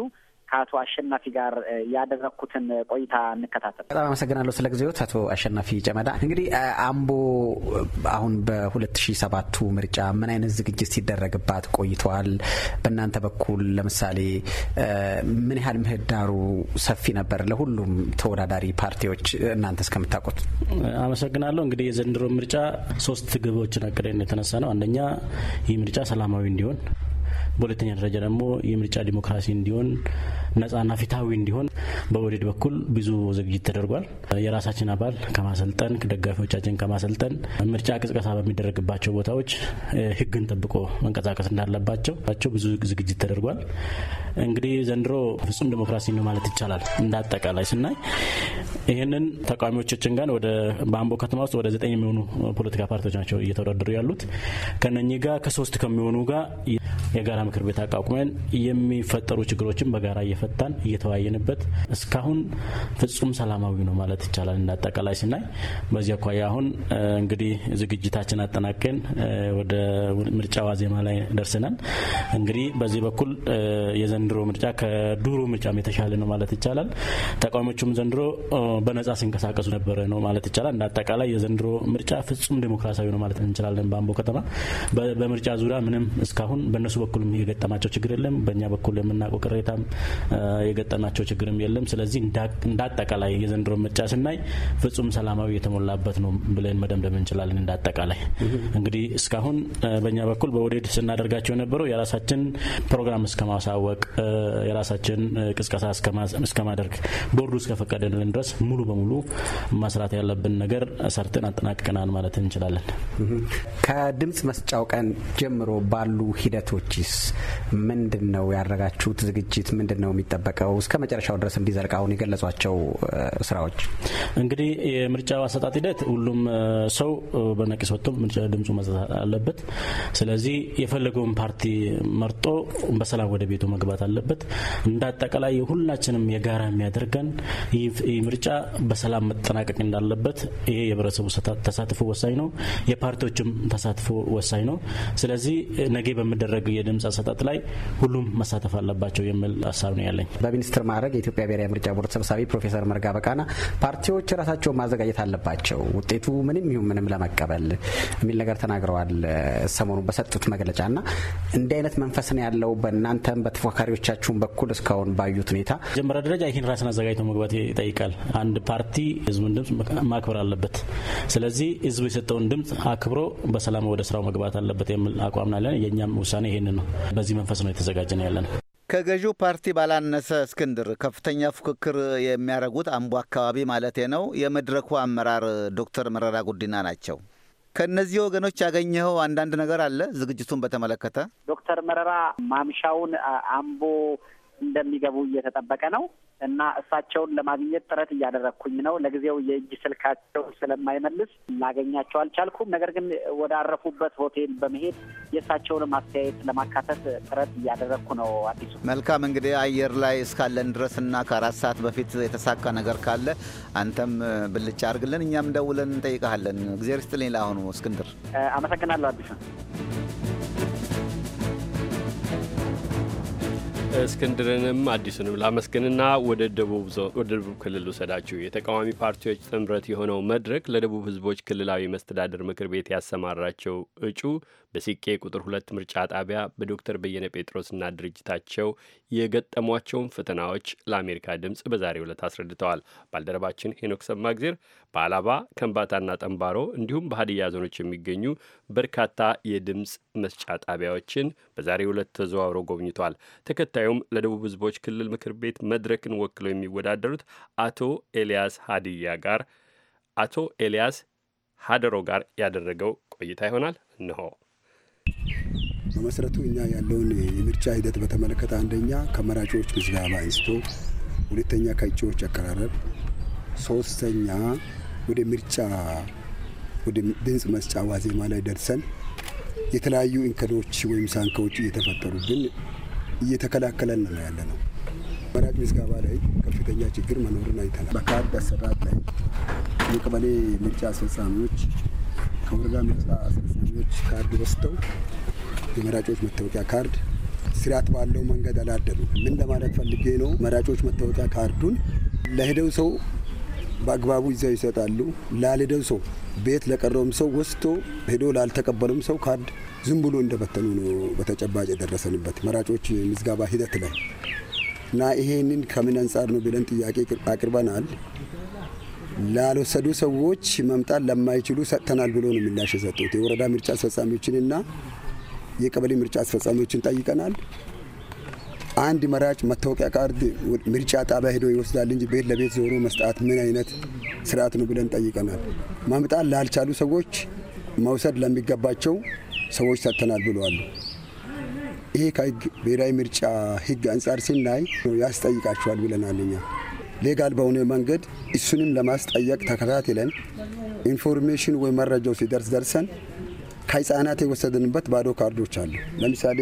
Speaker 9: ከአቶ አሸናፊ ጋር ያደረግኩትን ቆይታ እንከታተል።
Speaker 10: በጣም አመሰግናለሁ ስለ ጊዜዎት አቶ አሸናፊ ጨመዳ። እንግዲህ አምቦ አሁን በሁለት ሺ ሰባቱ ምርጫ ምን አይነት ዝግጅት ሲደረግባት ቆይተዋል? በእናንተ በኩል ለምሳሌ ምን ያህል ምህዳሩ ሰፊ ነበር ለሁሉም ተወዳዳሪ ፓርቲዎች እናንተ እስከምታውቁት?
Speaker 12: አመሰግናለሁ። እንግዲህ የዘንድሮ ምርጫ ሶስት ግቦችን አቅደን የተነሳ ነው። አንደኛ ይህ ምርጫ ሰላማዊ እንዲሆን በሁለተኛ ደረጃ ደግሞ የምርጫ ዲሞክራሲ እንዲሆን ነጻና ፊታዊ እንዲሆን በወደድ በኩል ብዙ ዝግጅት ተደርጓል። የራሳችን አባል ከማሰልጠን ደጋፊዎቻችን ከማሰልጠን ምርጫ ቅስቀሳ በሚደረግባቸው ቦታዎች ሕግን ጠብቆ መንቀሳቀስ እንዳለባቸው ብዙ ዝግጅት ተደርጓል። እንግዲህ ዘንድሮ ፍጹም ዲሞክራሲ ነው ማለት ይቻላል። እንደ አጠቃላይ ስናይ ይህንን ተቃዋሚዎቻችን ጋር ወደ በአምቦ ከተማ ውስጥ ወደ ዘጠኝ የሚሆኑ ፖለቲካ ፓርቲዎች ናቸው እየተወዳደሩ ያሉት ከነኚህ ጋር ከሶስት ከሚሆኑ ጋር የጋራ ምክር ቤት አቋቁመን የሚፈጠሩ ችግሮችን በጋራ እየፈታን እየተወያየንበት እስካሁን ፍጹም ሰላማዊ ነው ማለት ይቻላል። እንዳጠቃላይ ስናይ በዚህ አኳያ አሁን እንግዲህ ዝግጅታችን አጠናቀን ወደ ምርጫ ዋዜማ ላይ ደርሰናል። እንግዲህ በዚህ በኩል የዘንድሮ ምርጫ ከዱሮ ምርጫም የተሻለ ነው ማለት ይቻላል። ተቃዋሚዎቹም ዘንድሮ በነጻ ሲንቀሳቀሱ ነበረ ነው ማለት ይቻላል። እንዳጠቃላይ የዘንድሮ ምርጫ ፍጹም ዴሞክራሲያዊ ነው ማለት እንችላለን። በአምቦ ከተማ በምርጫ ዙሪያ ምንም እስካሁን በእነሱ በኩል የገጠማቸው ችግር የለም። በእኛ በኩል የምናውቀው ቅሬታም የገጠማቸው ችግርም የለም። ስለዚህ እንዳጠቃላይ የዘንድሮ ምርጫ ስናይ ፍጹም ሰላማዊ የተሞላበት ነው ብለን መደምደም እንችላለን። እንዳጠቃላይ እንግዲህ እስካሁን በእኛ በኩል በወደድ ስናደርጋቸው የነበረው የራሳችን ፕሮግራም እስከ ማሳወቅ የራሳችን ቅስቀሳ እስከማደርግ ቦርዱ እስከፈቀደልን ድረስ ሙሉ በሙሉ ማስራት ያለብን ነገር ሰርተን አጠናቅቀናል
Speaker 10: ማለት እንችላለን። ከድምፅ መስጫው ቀን ጀምሮ ባሉ ሂደቶችስ ምንድን ነው ያደረጋችሁት ዝግጅት? ምንድን ነው የሚጠበቀው? እስከ መጨረሻው ድረስ እንዲዘልቅ አሁን የገለጿቸው ስራዎች እንግዲህ የምርጫው አሰጣጥ ሂደት ሁሉም
Speaker 12: ሰው በነቂስ ወጥቶ ምርጫ ድምፁ መስጠት አለበት። ስለዚህ የፈለገውን ፓርቲ መርጦ በሰላም ወደ ቤቱ መግባት አለበት። እንዳጠቃላይ አጠቃላይ ሁላችንም የጋራ የሚያደርገን ይህ ምርጫ በሰላም መጠናቀቅ እንዳለበት ይሄ የህብረተሰቡ ተሳትፎ ወሳኝ ነው። የፓርቲዎችም ተሳትፎ ወሳኝ ነው። ስለዚህ ነገ በሚደረግ የድምፅ
Speaker 10: አሰጣጥ ላይ ሁሉም መሳተፍ አለባቸው የሚል ሀሳብ ነው ያለኝ። በሚኒስትር ማዕረግ የኢትዮጵያ ብሔራዊ ምርጫ ቦርድ ሰብሳቢ ፕሮፌሰር መርጋ በቃና ፓርቲዎች ራሳቸውን ማዘጋጀት አለባቸው ውጤቱ ምንም ይሁን ምንም ለመቀበል የሚል ነገር ተናግረዋል። ሰሞኑን በሰጡት መግለጫ እና እንዲህ አይነት መንፈስ ነው ያለው በእናንተም በተፎካካሪዎቻችሁን በኩል እስካሁን ባዩት ሁኔታ መጀመሪያ ደረጃ ይህን ራስን
Speaker 12: አዘጋጅተው መግባት ይጠይቃል። አንድ ፓርቲ ህዝቡን ድምፅ ማክበር አለበት። ስለዚህ ህዝቡ የሰጠውን ድምፅ አክብሮ በሰላም ወደ ስራው መግባት አለበት የሚል አቋም ናለን። የእኛም ውሳኔ ይህን ነው። በዚህ መንፈስ ነው የተዘጋጀ ነው ያለ
Speaker 1: ከገዢው ፓርቲ ባላነሰ እስክንድር ከፍተኛ ፉክክር የሚያደርጉት አምቦ አካባቢ ማለቴ ነው የመድረኩ አመራር ዶክተር መረራ ጉዲና ናቸው። ከእነዚህ ወገኖች ያገኘኸው አንዳንድ ነገር አለ? ዝግጅቱን በተመለከተ ዶክተር
Speaker 9: መረራ ማምሻውን አምቦ እንደሚገቡ እየተጠበቀ ነው እና እሳቸውን ለማግኘት ጥረት እያደረግኩኝ ነው። ለጊዜው የእጅ ስልካቸው ስለማይመልስ ላገኛቸው አልቻልኩም። ነገር ግን ወደ አረፉበት ሆቴል በመሄድ የእሳቸውን አስተያየት ለማካተት ጥረት እያደረግኩ ነው። አዲሱ
Speaker 1: መልካም እንግዲህ አየር ላይ እስካለን ድረስ እና ከአራት ሰዓት በፊት የተሳካ ነገር ካለ አንተም ብልጫ አድርግልን፣ እኛም ደውለን እንጠይቀሃለን። እግዜር ሌላ ለአሁኑ እስክንድር አመሰግናለሁ።
Speaker 9: አዲሱ
Speaker 5: እስክንድርንም አዲሱንም ላመስግንና ወደ ደቡብ ክልል ውሰዳችሁ። የተቃዋሚ ፓርቲዎች ጥምረት የሆነው መድረክ ለደቡብ ሕዝቦች ክልላዊ መስተዳድር ምክር ቤት ያሰማራቸው እጩ በሲቄ ቁጥር ሁለት ምርጫ ጣቢያ በዶክተር በየነ ጴጥሮስና ድርጅታቸው የገጠሟቸውን ፈተናዎች ለአሜሪካ ድምፅ በዛሬው ዕለት አስረድተዋል። ባልደረባችን ሄኖክ ሰማግዜር በአላባ ከንባታና ጠንባሮ እንዲሁም በሀዲያ ዞኖች የሚገኙ በርካታ የድምፅ መስጫ ጣቢያዎችን በዛሬ ሁለት ተዘዋውሮ ጎብኝቷል። ተከታዩም ለደቡብ ህዝቦች ክልል ምክር ቤት መድረክን ወክለው የሚወዳደሩት አቶ ኤልያስ ሀዲያ ጋር አቶ ኤልያስ ሀደሮ ጋር ያደረገው ቆይታ ይሆናል። እንሆ በመሰረቱ እኛ
Speaker 4: ያለውን የምርጫ ሂደት በተመለከተ አንደኛ ከመራጮች ምዝገባ አንስቶ፣ ሁለተኛ ከእጩዎች አቀራረብ፣ ሶስተኛ ወደ ምርጫ ወደ ድምፅ መስጫ ዋዜማ ላይ ደርሰን የተለያዩ እንከሎች ወይም ሳንካዎች እየተፈጠሩ ግን እየተከላከለን ነው ያለ ነው። መራጭ ምዝገባ ላይ ከፍተኛ ችግር መኖሩን አይተናል። በካርድ አሰራት ላይ የቀበሌ ምርጫ አስፈጻሚዎች ከወረዳ ምርጫ አስፈጻሚዎች ካርድ ወስደው የመራጮች መታወቂያ ካርድ ስርዓት ባለው መንገድ አላደሉ። ምን ለማለት ፈልጌ ነው? መራጮች መታወቂያ ካርዱን ለሄደው ሰው በአግባቡ ይዘው ይሰጣሉ። ላልሄደው ሰው ቤት ለቀረውም ሰው ወስቶ ሄዶ ላልተቀበሉም ሰው ካርድ ዝም ብሎ እንደበተኑ ነው በተጨባጭ የደረሰንበት መራጮች ምዝገባ ሂደት ላይ እና ይሄንን ከምን አንጻር ነው ብለን ጥያቄ አቅርበናል። ላልወሰዱ ሰዎች መምጣት ለማይችሉ ሰጥተናል ብሎ ነው ምላሽ የሰጡት። የወረዳ ምርጫ አስፈጻሚዎችንና የቀበሌ ምርጫ አስፈጻሚዎችን ጠይቀናል። አንድ መራጭ መታወቂያ ካርድ ምርጫ ጣቢያ ሄዶ ይወስዳል እንጂ ቤት ለቤት ዞሮ መስጣት ምን አይነት ስርዓት ነው ብለን ጠይቀናል። ማምጣት ላልቻሉ ሰዎች መውሰድ ለሚገባቸው ሰዎች ሰጥተናል ብለዋል። ይሄ ከህግ ብሔራዊ ምርጫ ህግ አንጻር ሲናይ ያስጠይቃቸዋል ብለናል። እኛ ሌጋል በሆነ መንገድ እሱንም ለማስጠየቅ ተከታትለን ኢንፎርሜሽን ወይ መረጃው ሲደርስ ደርሰን ከህፃናት የወሰድንበት ባዶ ካርዶች አሉ። ለምሳሌ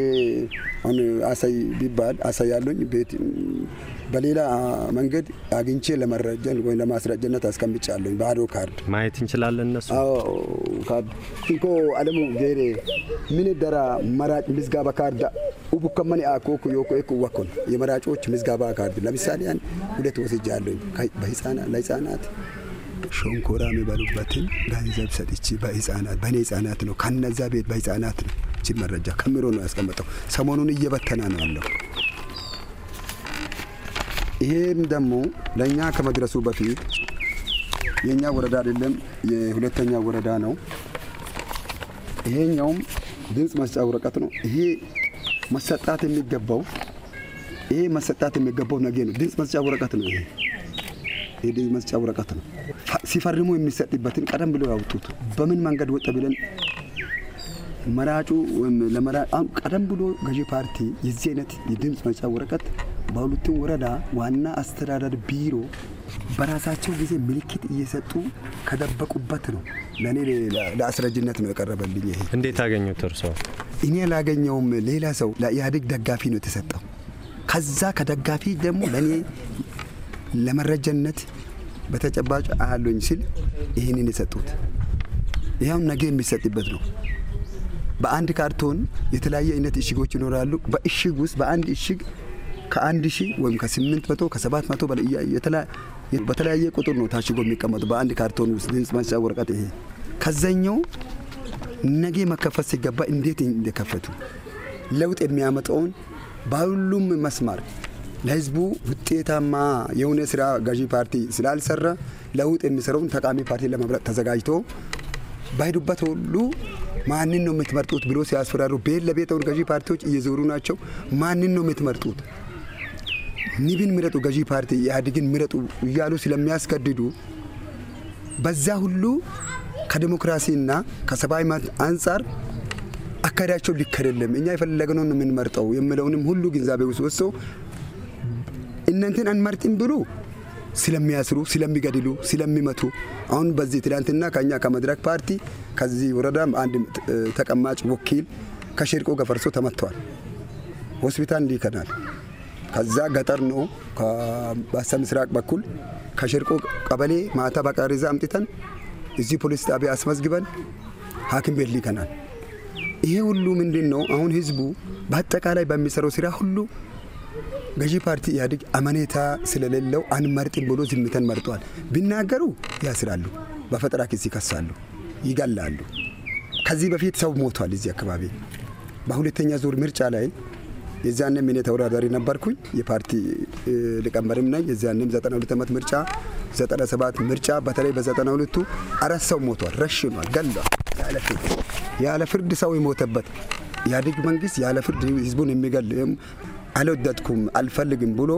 Speaker 4: አሁን አሳይ ቢባል አሳይ ያሉኝ ቤት በሌላ መንገድ አግኝቼ ለመረጀን ወይም ለማስረጀነት አስቀምጫ አለኝ ባዶ ካርድ ማየት እንችላለን። እነሱ እንኮ አለሙ ጌሬ ምን ደራ መራጭ ምዝጋባ ካርድ ኡቡከመን አኮኩ ዮኮ ኩ ወኮን የመራጮች ምዝጋባ ካርድ ለምሳሌ ሁለት ወስጃ አለኝ ለህጻናት ሸንኮራ የሚበሉበትን ገንዘብ ሰጥቼ በህጻናት በእኔ ህጻናት ነው ከነዛ ቤት በህጻናት ነው። እቺ መረጃ ከምሮ ነው ያስቀመጠው። ሰሞኑን እየበተና ነው ያለው። ይሄም ደግሞ ለእኛ ከመድረሱ በፊት የእኛ ወረዳ አይደለም፣ የሁለተኛ ወረዳ ነው። ይሄኛውም ድምፅ መስጫ ወረቀት ነው። ይሄ መሰጣት የሚገባው ይሄ መሰጣት የሚገባው ነገ ነው። ድምፅ መስጫ ወረቀት ነው ይሄ የልዩ መስጫ ወረቀት ነው። ሲፈርሙ የሚሰጥበትን ቀደም ብሎ ያውጡት። በምን መንገድ ወጠ ብለን መራጩ ቀደም ብሎ ገዢ ፓርቲ የዚህ አይነት የድምፅ መስጫ ወረቀት በሁለቱም ወረዳ ዋና አስተዳደር ቢሮ በራሳቸው ጊዜ ምልክት እየሰጡ ከደበቁበት ነው። ለእኔ ለአስረጅነት ነው የቀረበልኝ። ይሄ እንዴት አገኙት እርሶ? እኔ አላገኘውም። ሌላ ሰው ለኢህአዴግ ደጋፊ ነው የተሰጠው። ከዛ ከደጋፊ ደግሞ ለእኔ ለመረጃነት በተጨባጭ አያለኝ ሲል ይህንን የሰጡት ይኸውም ነገ የሚሰጥበት ነው። በአንድ ካርቶን የተለያየ አይነት እሽጎች ይኖራሉ። በእሽግ ውስጥ በአንድ እሽግ ከአንድ ሺህ ወይም ከስምንት መቶ ከሰባት መቶ በተለያየ ቁጥር ነው ታሽጎ የሚቀመጡ በአንድ ካርቶን ውስጥ ድምፅ መስጫ ወረቀት ይሄ ከዘኛው ነገ መከፈት ሲገባ እንዴት እንደከፈቱ ለውጥ የሚያመጣውን በሁሉም መስማር ለህዝቡ ውጤታማ የሆነ ስራ ገዢ ፓርቲ ስላልሰራ ለውጥ የሚሰራውን ተቃሚ ፓርቲ ለመምረጥ ተዘጋጅቶ ባይዱበት ሁሉ ማንን ነው የምትመርጡት ብሎ ሲያስፈራሩ ቤት ለቤት አሁን ገዢ ፓርቲዎች እየዞሩ ናቸው። ማንን ነው የምትመርጡት? ንብን ምረጡ፣ ገዢ ፓርቲ ኢህአዴግን ምረጡ እያሉ ስለሚያስገድዱ በዛ ሁሉ ከዲሞክራሲና ከሰብአዊ መብት አንጻር አካሄዳቸው ልክ አይደለም፣ እኛ የፈለግነውን የምንመርጠው የምለውንም ሁሉ ግንዛቤ ውስጥ ወስዶ እናንተን አንመርጥም ብሉ ስለሚያስሩ፣ ስለሚገድሉ፣ ስለሚመቱ አሁን በዚህ ትላንትና ከኛ ከመድረክ ፓርቲ ከዚህ ወረዳም አንድ ተቀማጭ ወኪል ከሸርቆ ገፈርሶ ተመቷል። ሆስፒታል ሊከናል። ከዛ ገጠር ነው በስተ ምስራቅ በኩል ከሸርቆ ቀበሌ ማታ በቃሪዛ አምጥተን እዚህ ፖሊስ ጣቢያ አስመዝግበን ሐኪም ቤት ሊከናል። ይሄ ሁሉ ምንድን ነው? አሁን ህዝቡ በአጠቃላይ በሚሰራው ስራ ሁሉ ገዢ ፓርቲ ኢህአዴግ አመኔታ ስለሌለው አንመርጥም ብሎ ዝምተን መርጧል። ቢናገሩ ያስራሉ፣ በፈጠራ ክስ ይከሳሉ፣ ይገላሉ። ከዚህ በፊት ሰው ሞቷል እዚህ አካባቢ። በሁለተኛ ዙር ምርጫ ላይ የዚያንም እኔ ተወዳዳሪ ነበርኩኝ የፓርቲ ሊቀመንበርም ነኝ። የዚያንም 92 ዓመት ምርጫ 97 ምርጫ በተለይ በ92ቱ አራት ሰው ሞቷል፣ ረሽኗል፣ ገሏል። ያለ ፍርድ ሰው የሞተበት ኢህአዴግ መንግስት ያለ ፍርድ ህዝቡን የሚገል አልወደድኩም፣ አልፈልግም ብሎ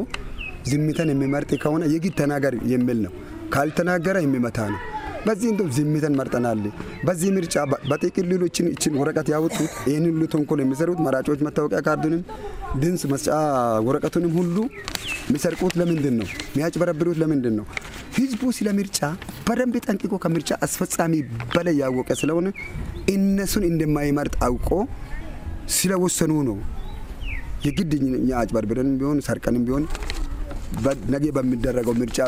Speaker 4: ዝምተን የሚመርጥ ከሆነ የግድ ተናገር የሚል ነው። ካልተናገረ የሚመታ ነው። በዚህ እንደው ዝምተን መርጠናል። በዚህ ምርጫ በጥቅልሎችን እችን ወረቀት ያወጡት ይህን ሁሉ ተንኮል የሚሰሩት መራጮች መታወቂያ ካርዱንም ድምፅ መስጫ ወረቀቱንም ሁሉ የሚሰርቁት ለምንድን ነው? የሚያጭበረብሩት ለምንድን ነው? ህዝቡ ስለ ምርጫ በደንብ ጠንቅቆ ከምርጫ አስፈጻሚ በላይ ያወቀ ስለሆነ እነሱን እንደማይመርጥ አውቆ ስለወሰኑ ነው የግድ እኛ አጭበርብረንም ቢሆን ሰርቀንም ቢሆን ነገ በሚደረገው ምርጫ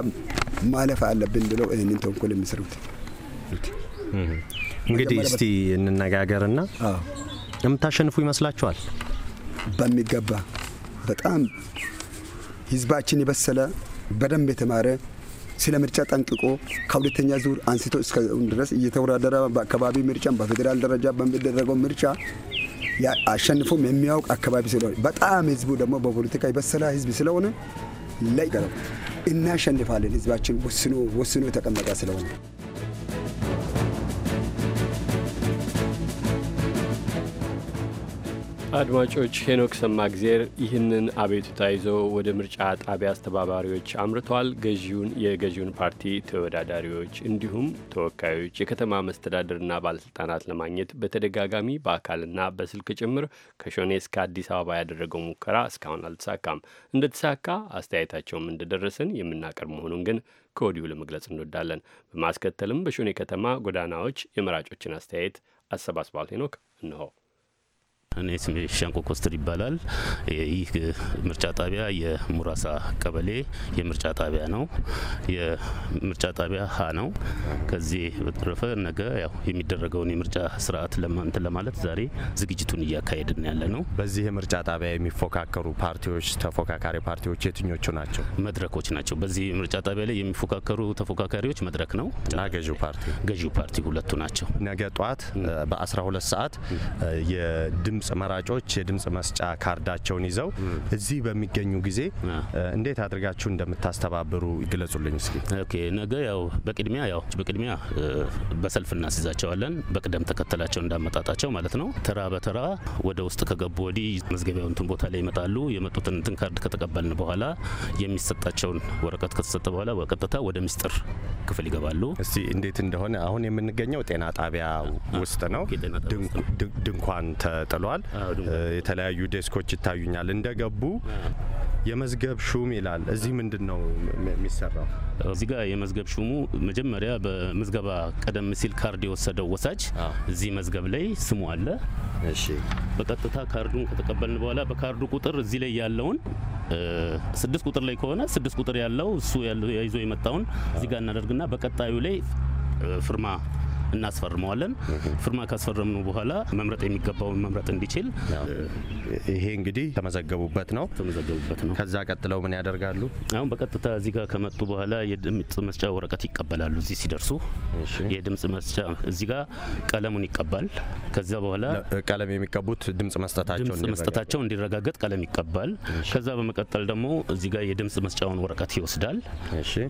Speaker 4: ማለፍ አለብን ብለው ይህንን ተንኮል የሚሰሩት።
Speaker 13: እንግዲህ እስቲ እንነጋገርና የምታሸንፉ ይመስላችኋል?
Speaker 4: በሚገባ በጣም ህዝባችን የበሰለ በደንብ የተማረ ስለ ምርጫ ጠንቅቆ ከሁለተኛ ዙር አንስቶ እስከ ድረስ እየተወዳደረ በአካባቢ ምርጫ በፌዴራል ደረጃ በሚደረገው ምርጫ አሸንፎም የሚያውቅ አካባቢ ስለሆነ በጣም ህዝቡ ደግሞ በፖለቲካ የበሰለ ህዝብ ስለሆነ ላይ እናሸንፋለን። ህዝባችን ወስኖ ወስኖ የተቀመጠ ስለሆነ
Speaker 5: አድማጮች ሄኖክ ጊዜር ይህንን አቤቱታ ይዞ ወደ ምርጫ ጣቢያ አስተባባሪዎች አምርቷል። ገዢውን የገዢውን ፓርቲ ተወዳዳሪዎች እንዲሁም ተወካዮች፣ የከተማ መስተዳድርና ባለስልጣናት ለማግኘት በተደጋጋሚ በአካልና በስልክ ጭምር ከሾኔ እስከ አዲስ አበባ ያደረገው ሙከራ እስካሁን አልተሳካም። እንደተሳካ አስተያየታቸውም እንደደረሰን የምናቀርብ መሆኑን ግን ከወዲሁ ለመግለጽ እንወዳለን። በማስከተልም በሾኔ ከተማ ጎዳናዎች የመራጮችን አስተያየት አሰባስቧል። ሄኖክ እንሆ
Speaker 13: እኔ ስሜ ሻንቆ ኮስትር ይባላል። ይህ ምርጫ ጣቢያ የሙራሳ ቀበሌ የምርጫ ጣቢያ ነው። የምርጫ ጣቢያ ሀ ነው። ከዚህ በተረፈ ነገ ያው የሚደረገውን የምርጫ ስርዓት እንትን ለማለት ዛሬ ዝግጅቱን እያካሄድን ያለ ነው። በዚህ የምርጫ ጣቢያ የሚፎካከሩ ፓርቲዎች፣ ተፎካካሪ ፓርቲዎች የትኞቹ ናቸው? መድረኮች ናቸው። በዚህ ምርጫ ጣቢያ ላይ የሚፎካከሩ ተፎካካሪዎች መድረክ ነው እና ገዢው ፓርቲ ገዢው ፓርቲ ሁለቱ ናቸው። ነገ ጠዋት በ12 ሰዓት የድምፅ ድምጽ መራጮች የድምፅ መስጫ ካርዳቸውን ይዘው እዚህ በሚገኙ ጊዜ እንዴት አድርጋችሁ እንደምታስተባብሩ ይግለጹልኝ እስኪ። ኦኬ ነገ ያው በቅድሚያ ያው በቅድሚያ በሰልፍ እናስይዛቸዋለን በቅደም ተከተላቸው እንዳመጣጣቸው ማለት ነው። ተራ በተራ ወደ ውስጥ ከገቡ ወዲህ መዝገቢያው እንትን ቦታ ላይ ይመጣሉ። የመጡትን እንትን ካርድ ከተቀበልን በኋላ የሚሰጣቸውን ወረቀት ከተሰጠ በኋላ በቀጥታ ወደ ምስጢር ክፍል ይገባሉ። እስቲ እንዴት እንደሆነ አሁን የምንገኘው ጤና ጣቢያ ውስጥ ነው። ድንኳን ተጥሏል። ተቀምጠዋል። የተለያዩ ዴስኮች ይታዩኛል። እንደገቡ የመዝገብ ሹም ይላል። እዚህ ምንድን ነው የሚሰራው? እዚህ ጋር የመዝገብ ሹሙ መጀመሪያ በምዝገባ ቀደም ሲል ካርድ የወሰደው ወሳጅ እዚህ መዝገብ ላይ ስሙ አለ። እሺ፣ በቀጥታ ካርዱን ከተቀበልን በኋላ በካርዱ ቁጥር እዚህ ላይ ያለውን ስድስት ቁጥር ላይ ከሆነ ስድስት ቁጥር ያለው እሱ ይዞ የመጣውን እዚህ ጋር እናደርግና በቀጣዩ ላይ ፍርማ እናስፈርመዋለን። ፍርማ ካስፈረምኑ በኋላ መምረጥ የሚገባውን መምረጥ እንዲችል ይሄ እንግዲህ ተመዘገቡበት ነው ተመዘገቡበት ነው። ከዛ ቀጥለው ምን ያደርጋሉ? አሁን በቀጥታ እዚህ ጋር ከመጡ በኋላ የድምጽ መስጫ ወረቀት ይቀበላሉ። እዚህ ሲደርሱ የድምጽ መስጫ እዚህ ጋር ቀለሙን ይቀባል። ከዚያ በኋላ ቀለም የሚቀቡት ድምጽ መስጠታቸው እንዲረጋገጥ ቀለም ይቀባል። ከዛ በመቀጠል ደግሞ እዚህ ጋር የድምጽ መስጫውን ወረቀት ይወስዳል።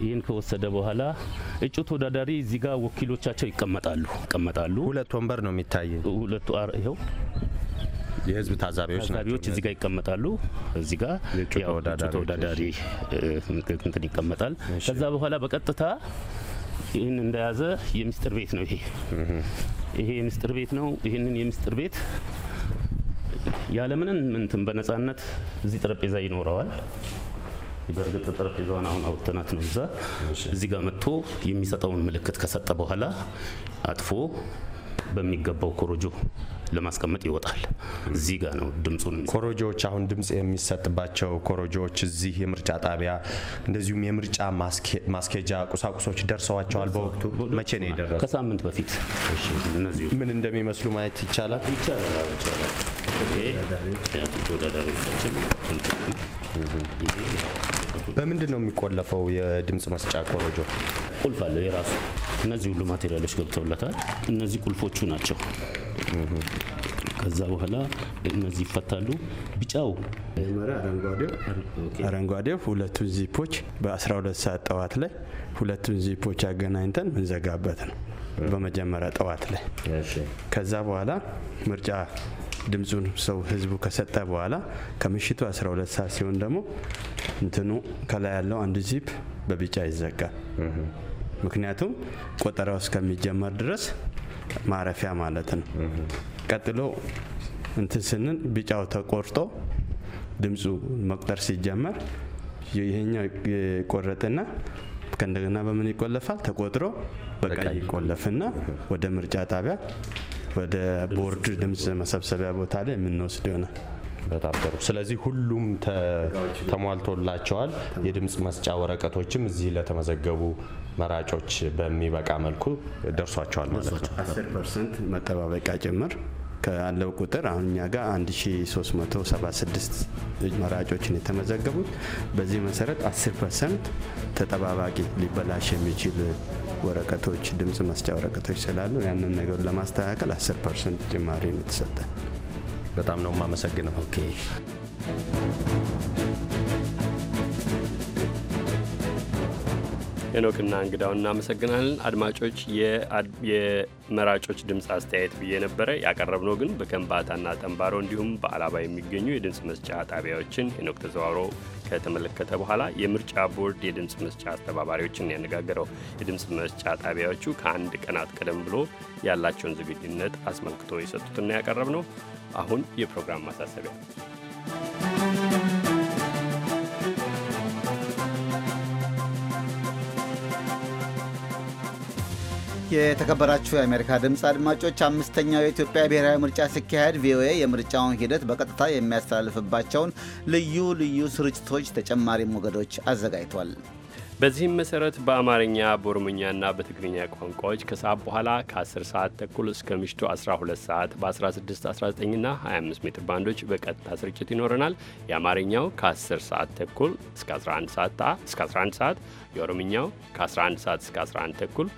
Speaker 13: ይህን ከወሰደ በኋላ እጩ ተወዳዳሪ እዚህ ጋር ወኪሎቻቸው ይቀመጣል ይመጣሉ ይቀመጣሉ። ሁለት ወንበር ነው የሚታየ ሁለቱ ይኸው የህዝብ ታዛቢዎች ታዛቢዎች እዚህ ጋር ይቀመጣሉ። እዚህ ጋር ተወዳዳሪ እንትን ይቀመጣል። ከዛ በኋላ በቀጥታ ይህን እንደያዘ የሚስጥር ቤት ነው ይሄ ይሄ የሚስጥር ቤት ነው። ይህንን የሚስጥር ቤት ያለምንም እንትን በነጻነት እዚህ ጠረጴዛ ይኖረዋል። በእርግጥ ጠረጴዛዋን አሁን አውጥተናት ነው ይዛ እዚህ ጋር መጥቶ የሚሰጠውን ምልክት ከሰጠ በኋላ አጥፎ በሚገባው ኮሮጆ ለማስቀመጥ ይወጣል። እዚህ ጋር ነው ድምፁን። ኮሮጆዎች አሁን ድምፅ የሚሰጥባቸው ኮሮጆዎች እዚህ የምርጫ ጣቢያ እንደዚሁም የምርጫ ማስኬጃ ቁሳቁሶች ደርሰዋቸዋል። በወቅቱ መቼ ነው የደረሰው? ከሳምንት በፊት። ምን እንደሚመስሉ ማየት ይቻላል ይቻላል። በምንድን ነው የሚቆለፈው? የድምፅ መስጫ ኮረጆ ቁልፍ አለው የራሱ። እነዚህ ሁሉ ማቴሪያሎች ገብተውለታል። እነዚህ ቁልፎቹ
Speaker 14: ናቸው። ከዛ በኋላ እነዚህ ይፈታሉ። ቢጫው አረንጓዴው ሁለቱን ዚፖች በ12 ሰዓት ጠዋት ላይ ሁለቱን ዚፖች አገናኝተን ምንዘጋበት ነው። በመጀመሪያ ጠዋት ላይ ከዛ በኋላ ምርጫ ድምፁን ሰው ህዝቡ ከሰጠ በኋላ ከምሽቱ 12 ሰዓት ሲሆን ደግሞ እንትኑ ከላይ ያለው አንድ ዚፕ በቢጫ ይዘጋል። ምክንያቱም ቆጠራው እስከሚጀመር ድረስ ማረፊያ ማለት ነው። ቀጥሎ እንትን ስንን ቢጫው ተቆርጦ ድምፁ መቁጠር ሲጀመር ይሄኛው ይቆረጥና ከእንደገና በምን ይቆለፋል? ተቆጥሮ በቀይ ይቆለፍና ወደ ምርጫ ጣቢያ ወደ ቦርድ ድምፅ መሰብሰቢያ ቦታ ላይ የምንወስድ ይሆናል። በጣም ጥሩ። ስለዚህ ሁሉም ተሟልቶላቸዋል። የድምፅ መስጫ ወረቀቶችም እዚህ
Speaker 13: ለተመዘገቡ መራጮች በሚበቃ መልኩ ደርሷቸዋል ማለት ነው። 10
Speaker 14: ፐርሰንት መጠባበቂያ ጭምር ካለው ቁጥር አሁን እኛ ጋር 1376 መራጮችን የተመዘገቡት። በዚህ መሰረት 10 ፐርሰንት ተጠባባቂ ሊበላሽ የሚችል ወረቀቶች፣ ድምፅ መስጫ ወረቀቶች ስላሉ ያንን ነገር ለማስተካከል 10 ፐርሰንት ጭማሪ ነው የተሰጠ። በጣም ነው የማመሰግነው። ኦኬ
Speaker 5: ሄኖክና እንግዳውን እናመሰግናለን። አድማጮች የመራጮች ድምፅ አስተያየት ብዬ ነበረ ያቀረብነው ግን በከንባታና ጠንባሮ እንዲሁም በአላባ የሚገኙ የድምፅ መስጫ ጣቢያዎችን ሄኖክ ተዘዋውሮ ከተመለከተ በኋላ የምርጫ ቦርድ የድምፅ መስጫ አስተባባሪዎችን ያነጋገረው የድምፅ መስጫ ጣቢያዎቹ ከአንድ ቀናት ቀደም ብሎ ያላቸውን ዝግጁነት አስመልክቶ የሰጡትና ያቀረብ ነው። አሁን የፕሮግራም ማሳሰቢያ
Speaker 1: የተከበራችሁ የአሜሪካ ድምፅ አድማጮች አምስተኛው የኢትዮጵያ ብሔራዊ ምርጫ ሲካሄድ ቪኦኤ የምርጫውን ሂደት በቀጥታ የሚያስተላልፍባቸውን ልዩ ልዩ ስርጭቶች ተጨማሪ ሞገዶች አዘጋጅቷል።
Speaker 5: በዚህም መሰረት በአማርኛ በኦሮምኛና በትግርኛ ቋንቋዎች ከሰዓት በኋላ ከ10 ሰዓት ተኩል እስከ ምሽቱ 12 ሰዓት በ16፣ 19ና 25 ሜትር ባንዶች በቀጥታ ስርጭት ይኖረናል። የአማርኛው ከ10 ሰዓት ተኩል እስከ 11 ሰዓት የኦሮምኛው ከ11 ሰዓት እስከ 11 ተኩል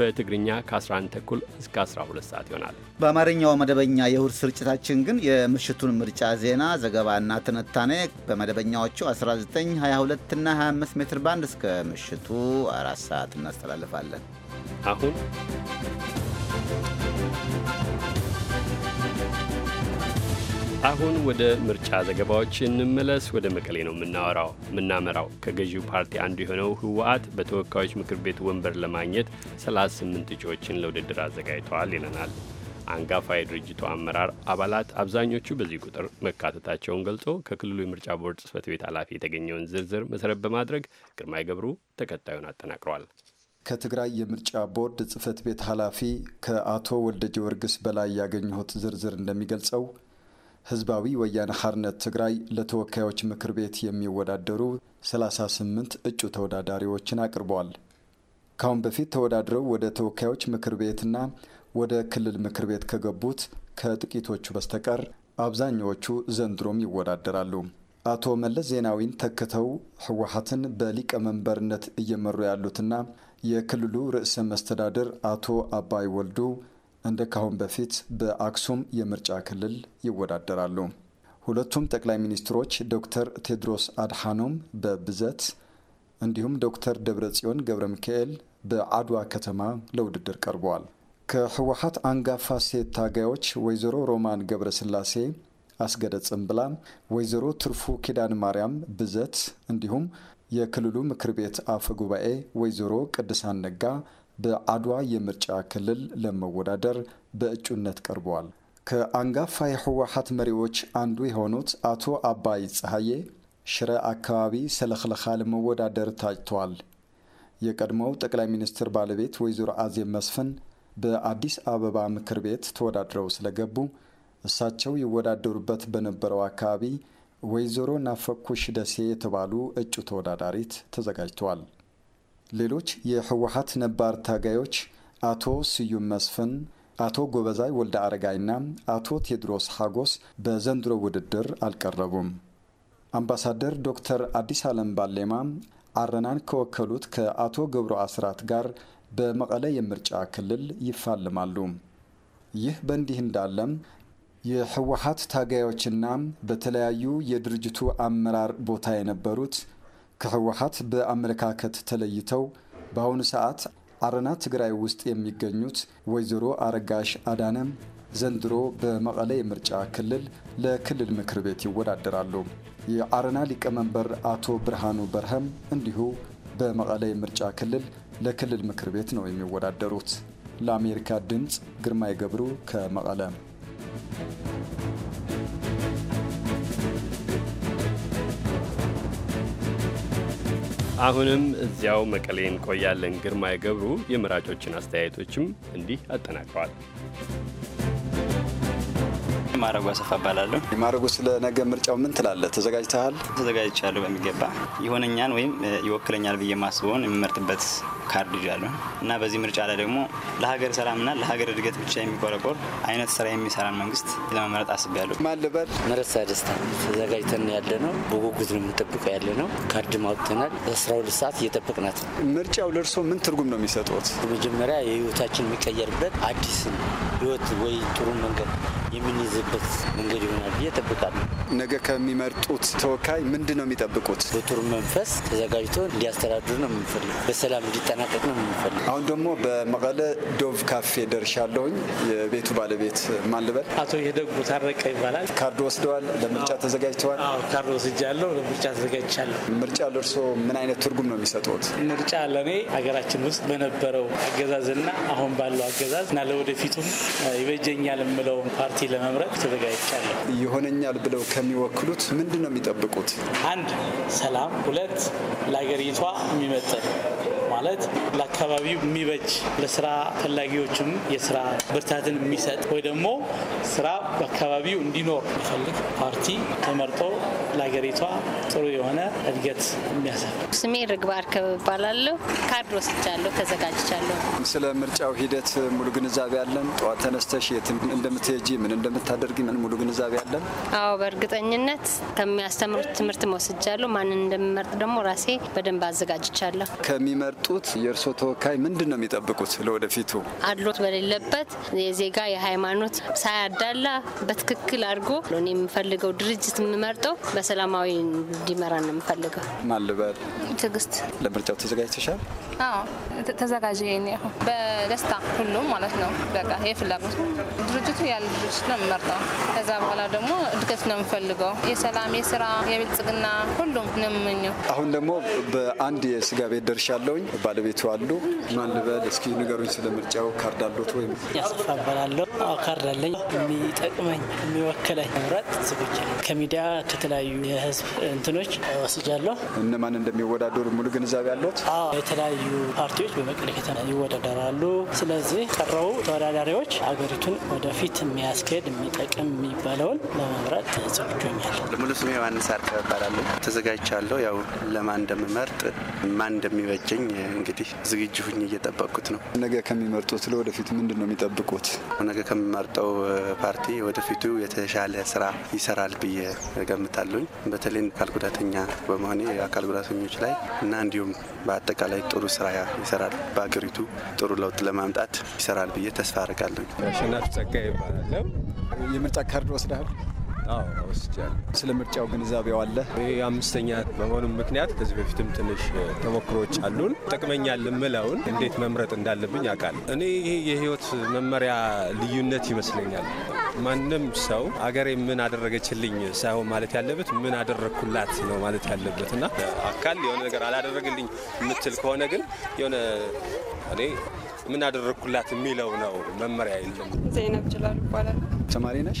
Speaker 5: በትግርኛ ከ11 ተኩል እስከ 12 ሰዓት ይሆናል።
Speaker 1: በአማርኛው መደበኛ የእሁድ ስርጭታችን ግን የምሽቱን ምርጫ ዜና፣ ዘገባና ትንታኔ በመደበኛዎቹ 19፣ 22 እና 25 ሜትር ባንድ እስከ ምሽቱ አራት ሰዓት እናስተላልፋለን። አሁን
Speaker 5: አሁን ወደ ምርጫ ዘገባዎች እንመለስ። ወደ መቀሌ ነው የምናወራው የምናመራው። ከገዢው ፓርቲ አንዱ የሆነው ህወሓት በተወካዮች ምክር ቤት ወንበር ለማግኘት 38 እጩዎችን ለውድድር አዘጋጅተዋል ይለናል። አንጋፋ የድርጅቱ አመራር አባላት አብዛኞቹ በዚህ ቁጥር መካተታቸውን ገልጾ ከክልሉ የምርጫ ቦርድ ጽህፈት ቤት ኃላፊ የተገኘውን ዝርዝር መሰረት በማድረግ ግርማይ ገብሩ ተከታዩን አጠናቅሯል።
Speaker 15: ከትግራይ የምርጫ ቦርድ ጽህፈት ቤት ኃላፊ ከአቶ ወልደ ጊዮርጊስ በላይ ያገኘሁት ዝርዝር እንደሚገልጸው ህዝባዊ ወያነ ሐርነት ትግራይ ለተወካዮች ምክር ቤት የሚወዳደሩ 38 እጩ ተወዳዳሪዎችን አቅርበዋል። ካሁን በፊት ተወዳድረው ወደ ተወካዮች ምክር ቤትና ወደ ክልል ምክር ቤት ከገቡት ከጥቂቶቹ በስተቀር አብዛኛዎቹ ዘንድሮም ይወዳደራሉ። አቶ መለስ ዜናዊን ተክተው ህወሀትን በሊቀመንበርነት እየመሩ ያሉትና የክልሉ ርዕሰ መስተዳድር አቶ አባይ ወልዱ እንደ ካሁን በፊት በአክሱም የምርጫ ክልል ይወዳደራሉ። ሁለቱም ጠቅላይ ሚኒስትሮች ዶክተር ቴድሮስ አድሃኖም በብዘት እንዲሁም ዶክተር ደብረጽዮን ገብረ ሚካኤል በአድዋ ከተማ ለውድድር ቀርበዋል። ከህወሀት አንጋፋ ሴት ታጋዮች ወይዘሮ ሮማን ገብረስላሴ አስገደ ጽምብላ፣ ወይዘሮ ትርፉ ኪዳን ማርያም ብዘት እንዲሁም የክልሉ ምክር ቤት አፈ ጉባኤ ወይዘሮ ቅድሳን ነጋ በአድዋ የምርጫ ክልል ለመወዳደር በእጩነት ቀርበዋል። ከአንጋፋ የህወሓት መሪዎች አንዱ የሆኑት አቶ አባይ ፀሐዬ ሽረ አካባቢ ሰለክለካ ለመወዳደር ታጭተዋል። የቀድሞው ጠቅላይ ሚኒስትር ባለቤት ወይዘሮ አዜብ መስፍን በአዲስ አበባ ምክር ቤት ተወዳድረው ስለገቡ እሳቸው ይወዳደሩበት በነበረው አካባቢ ወይዘሮ ናፈኩሽ ደሴ የተባሉ እጩ ተወዳዳሪት ተዘጋጅተዋል። ሌሎች የህወሀት ነባር ታጋዮች አቶ ስዩም መስፍን፣ አቶ ጎበዛይ ወልደ አረጋይና አቶ ቴዎድሮስ ሀጎስ በዘንድሮ ውድድር አልቀረቡም። አምባሳደር ዶክተር አዲስ አለም ባሌማ አረናን ከወከሉት ከአቶ ገብሩ አስራት ጋር በመቀለ የምርጫ ክልል ይፋልማሉ። ይህ በእንዲህ እንዳለም የህወሀት ታጋዮችና በተለያዩ የድርጅቱ አመራር ቦታ የነበሩት ከህወሀት በአመለካከት ተለይተው በአሁኑ ሰዓት አረና ትግራይ ውስጥ የሚገኙት ወይዘሮ አረጋሽ አዳነም ዘንድሮ በመቀለ የምርጫ ክልል ለክልል ምክር ቤት ይወዳደራሉ። የአረና ሊቀመንበር አቶ ብርሃኑ በርሀም እንዲሁ በመቀለ የምርጫ ክልል ለክልል ምክር ቤት ነው የሚወዳደሩት። ለአሜሪካ ድምፅ ግርማይ ገብሩ
Speaker 5: ከመቀለ አሁንም እዚያው መቀሌ እንቆያለን። ግርማ የገብሩ የመራጮችን አስተያየቶችም እንዲህ አጠናቅረዋል። ማረጉ አሰፋ እባላለሁ።
Speaker 15: ስለነገ ስለ ነገ ምርጫው ምን ትላለህ? ተዘጋጅተሃል? ተዘጋጅቻለሁ በሚገባ
Speaker 14: ይሆነኛል ወይም ይወክለኛል ብዬ ማስበውን የምመርጥበት ካርድ ይዣለሁ እና በዚህ ምርጫ ላይ ደግሞ ለሀገር ሰላምና ለሀገር እድገት ብቻ የሚቆረቆር አይነት ስራ የሚሰራን መንግስት ለመምረጥ አስቤያለሁ። ማልበል መረሳ ደስታ ተዘጋጅተን
Speaker 9: ያለ ነው። በጉጉት ነው የምንጠብቀው ያለ ነው። ካርድ ማውጥተናል። በአስራ ሁለት ሰዓት እየጠበቅናት ነው። ምርጫው ለእርሶ ምን ትርጉም ነው የሚሰጡት? መጀመሪያ የህይወታችን የሚቀየርበት አዲስ ህይወት
Speaker 15: ወይ ጥሩ መንገድ የምንይዝበት መንገድ ይሆናል ብዬ እጠብቃለሁ። ነገ ከሚመርጡት ተወካይ ምንድን ነው የሚጠብቁት? በጥሩ መንፈስ ተዘጋጅቶ እንዲያስተዳድሩ ነው የምንፈልግ።
Speaker 9: በሰላም እንዲጠናቀቅ ነው
Speaker 15: የምንፈልግ። አሁን ደግሞ በመቀለ ዶቭ ካፌ ደርሻለሁኝ። የቤቱ ባለቤት ማን ልበል? አቶ የደጉ ታረቀ ይባላል። ካርድ ወስደዋል? ለምርጫ ተዘጋጅተዋል? ካርድ ወስጃለሁ። ለምርጫ ተዘጋጅቻለሁ። ምርጫ ለእርሶ ምን አይነት ትርጉም ነው የሚሰጡት? ምርጫ
Speaker 12: ለእኔ ሀገራችን ውስጥ በነበረው አገዛዝና አሁን ባለው አገዛዝ
Speaker 15: እና ለወደፊቱም
Speaker 12: ይበጀኛል የምለውን ፓርቲ ፓርቲ ለመምረጥ ተዘጋጅቻለሁ።
Speaker 15: ይሆነኛል ብለው ከሚወክሉት ምንድን ነው የሚጠብቁት?
Speaker 12: አንድ ሰላም፣ ሁለት ለሀገሪቷ የሚመጥን ማለት ለአካባቢው የሚበጅ ለስራ ፈላጊዎችም የስራ ብርታትን የሚሰጥ ወይ ደግሞ ስራ በአካባቢው እንዲኖር የሚፈልግ ፓርቲ ተመርጦ ለሀገሪቷ ጥሩ የሆነ እድገት የሚያሳፍ።
Speaker 16: ስሜ ርግባር አርከብ እባላለሁ። ካርድ ወስጃለሁ፣ ተዘጋጅቻለሁ።
Speaker 15: ስለ ምርጫው ሂደት ሙሉ ግንዛቤ አለን? ጠዋት ተነስተሽ የት እንደምትሄጂ ምን እንደምታደርጊ ምን ሙሉ ግንዛቤ አለን?
Speaker 16: አዎ፣ በእርግጠኝነት ከሚያስተምሩት ትምህርት መወስጃለሁ። ማንን እንደምመርጥ ደግሞ ራሴ በደንብ አዘጋጅቻለሁ።
Speaker 15: ከሚመርጥ የመጡት የእርስዎ ተወካይ ምንድን ነው የሚጠብቁት ለወደፊቱ?
Speaker 16: አድሎት በሌለበት የዜጋ የሃይማኖት ሳያዳላ በትክክል አድርጎ እኔ የምፈልገው ድርጅት የምመርጠው በሰላማዊ እንዲመራ ነው የምፈልገው። ማልበል ልበል? ትዕግስት።
Speaker 15: ለምርጫው ተዘጋጅተሻል?
Speaker 16: አዎ
Speaker 13: ተዘጋጅ። በደስታ ሁሉም ማለት ነው። በቃ የፍላጎት ድርጅቱ ያለ ድርጅት ነው የምመርጠው። ከዛ በኋላ ደግሞ እድገት ነው የምፈልገው። የሰላም፣ የስራ፣ የብልጽግና ሁሉም ነው የምመኘው።
Speaker 15: አሁን ደግሞ በአንድ የስጋ ቤት ደርሻለሁኝ። ባለቤቱ አሉ። ማን ልበል እስኪ ንገሩኝ ስለ ምርጫው። ካርድ አሎት ወይም
Speaker 12: ያስፋ እባላለሁ። ካርድ አለኝ። የሚጠቅመኝ የሚወክለኝ ምረጥ ዝግጅ ከሚዲያ ከተለያዩ
Speaker 15: የህዝብ እንትኖች ወስጃለሁ። እነማን እንደሚወዳደሩ ሙሉ ግንዛቤ አሎት? የተለያዩ ፓርቲዎች በመቀሌ ከተማ ይወዳደራሉ። ስለዚህ ቀረቡ ተወዳዳሪዎች አገሪቱን
Speaker 12: ወደፊት የሚያስኬድ የሚጠቅም የሚባለውን ለመምረጥ ዝግጆኛል።
Speaker 14: ሙሉ ስሜ ዮሐንስ አርከ እባላለሁ። ተዘጋጅቻለሁ። ያው ለማን እንደምመርጥ ማን እንደሚበጀኝ እንግዲህ ዝግጁ ሁኝ እየጠበቅኩት ነው።
Speaker 15: ነገ ከሚመርጡት ለወደፊት ምንድን ነው የሚጠብቁት? ነገ
Speaker 14: ከሚመርጠው ፓርቲ ወደፊቱ የተሻለ ስራ ይሰራል ብዬ ገምታለሁኝ። በተለይ አካል ጉዳተኛ በመሆኔ አካል ጉዳተኞች ላይ እና እንዲሁም በአጠቃላይ ጥሩ ስራ ይሰራል፣ በአገሪቱ ጥሩ ለውጥ ለማምጣት ይሰራል ብዬ ተስፋ አድርጋለሁኝ።
Speaker 6: አሸናፊ
Speaker 15: ጸጋ ይባላለም። የምርጫ ካርድ ወስዳል? ስለ ምርጫው ግንዛቤው
Speaker 6: አለ። ይህ አምስተኛ በመሆኑም ምክንያት ከዚህ በፊትም ትንሽ ተሞክሮች አሉን። ጠቅመኛል የምለውን እንዴት መምረጥ እንዳለብኝ አውቃለሁ። እኔ ይሄ የህይወት መመሪያ ልዩነት ይመስለኛል። ማንም ሰው አገሬ ምን አደረገችልኝ ሳይሆን ማለት ያለበት ምን አደረግኩላት ነው ማለት ያለበት እና አካል የሆነ ነገር አላደረግልኝ የምትል ከሆነ ግን የሆነ እኔ ምን አደረግኩላት የሚለው ነው መመሪያ የለም። ዘይነብ
Speaker 10: ይችላሉ ይባላል። ተማሪ ነሽ?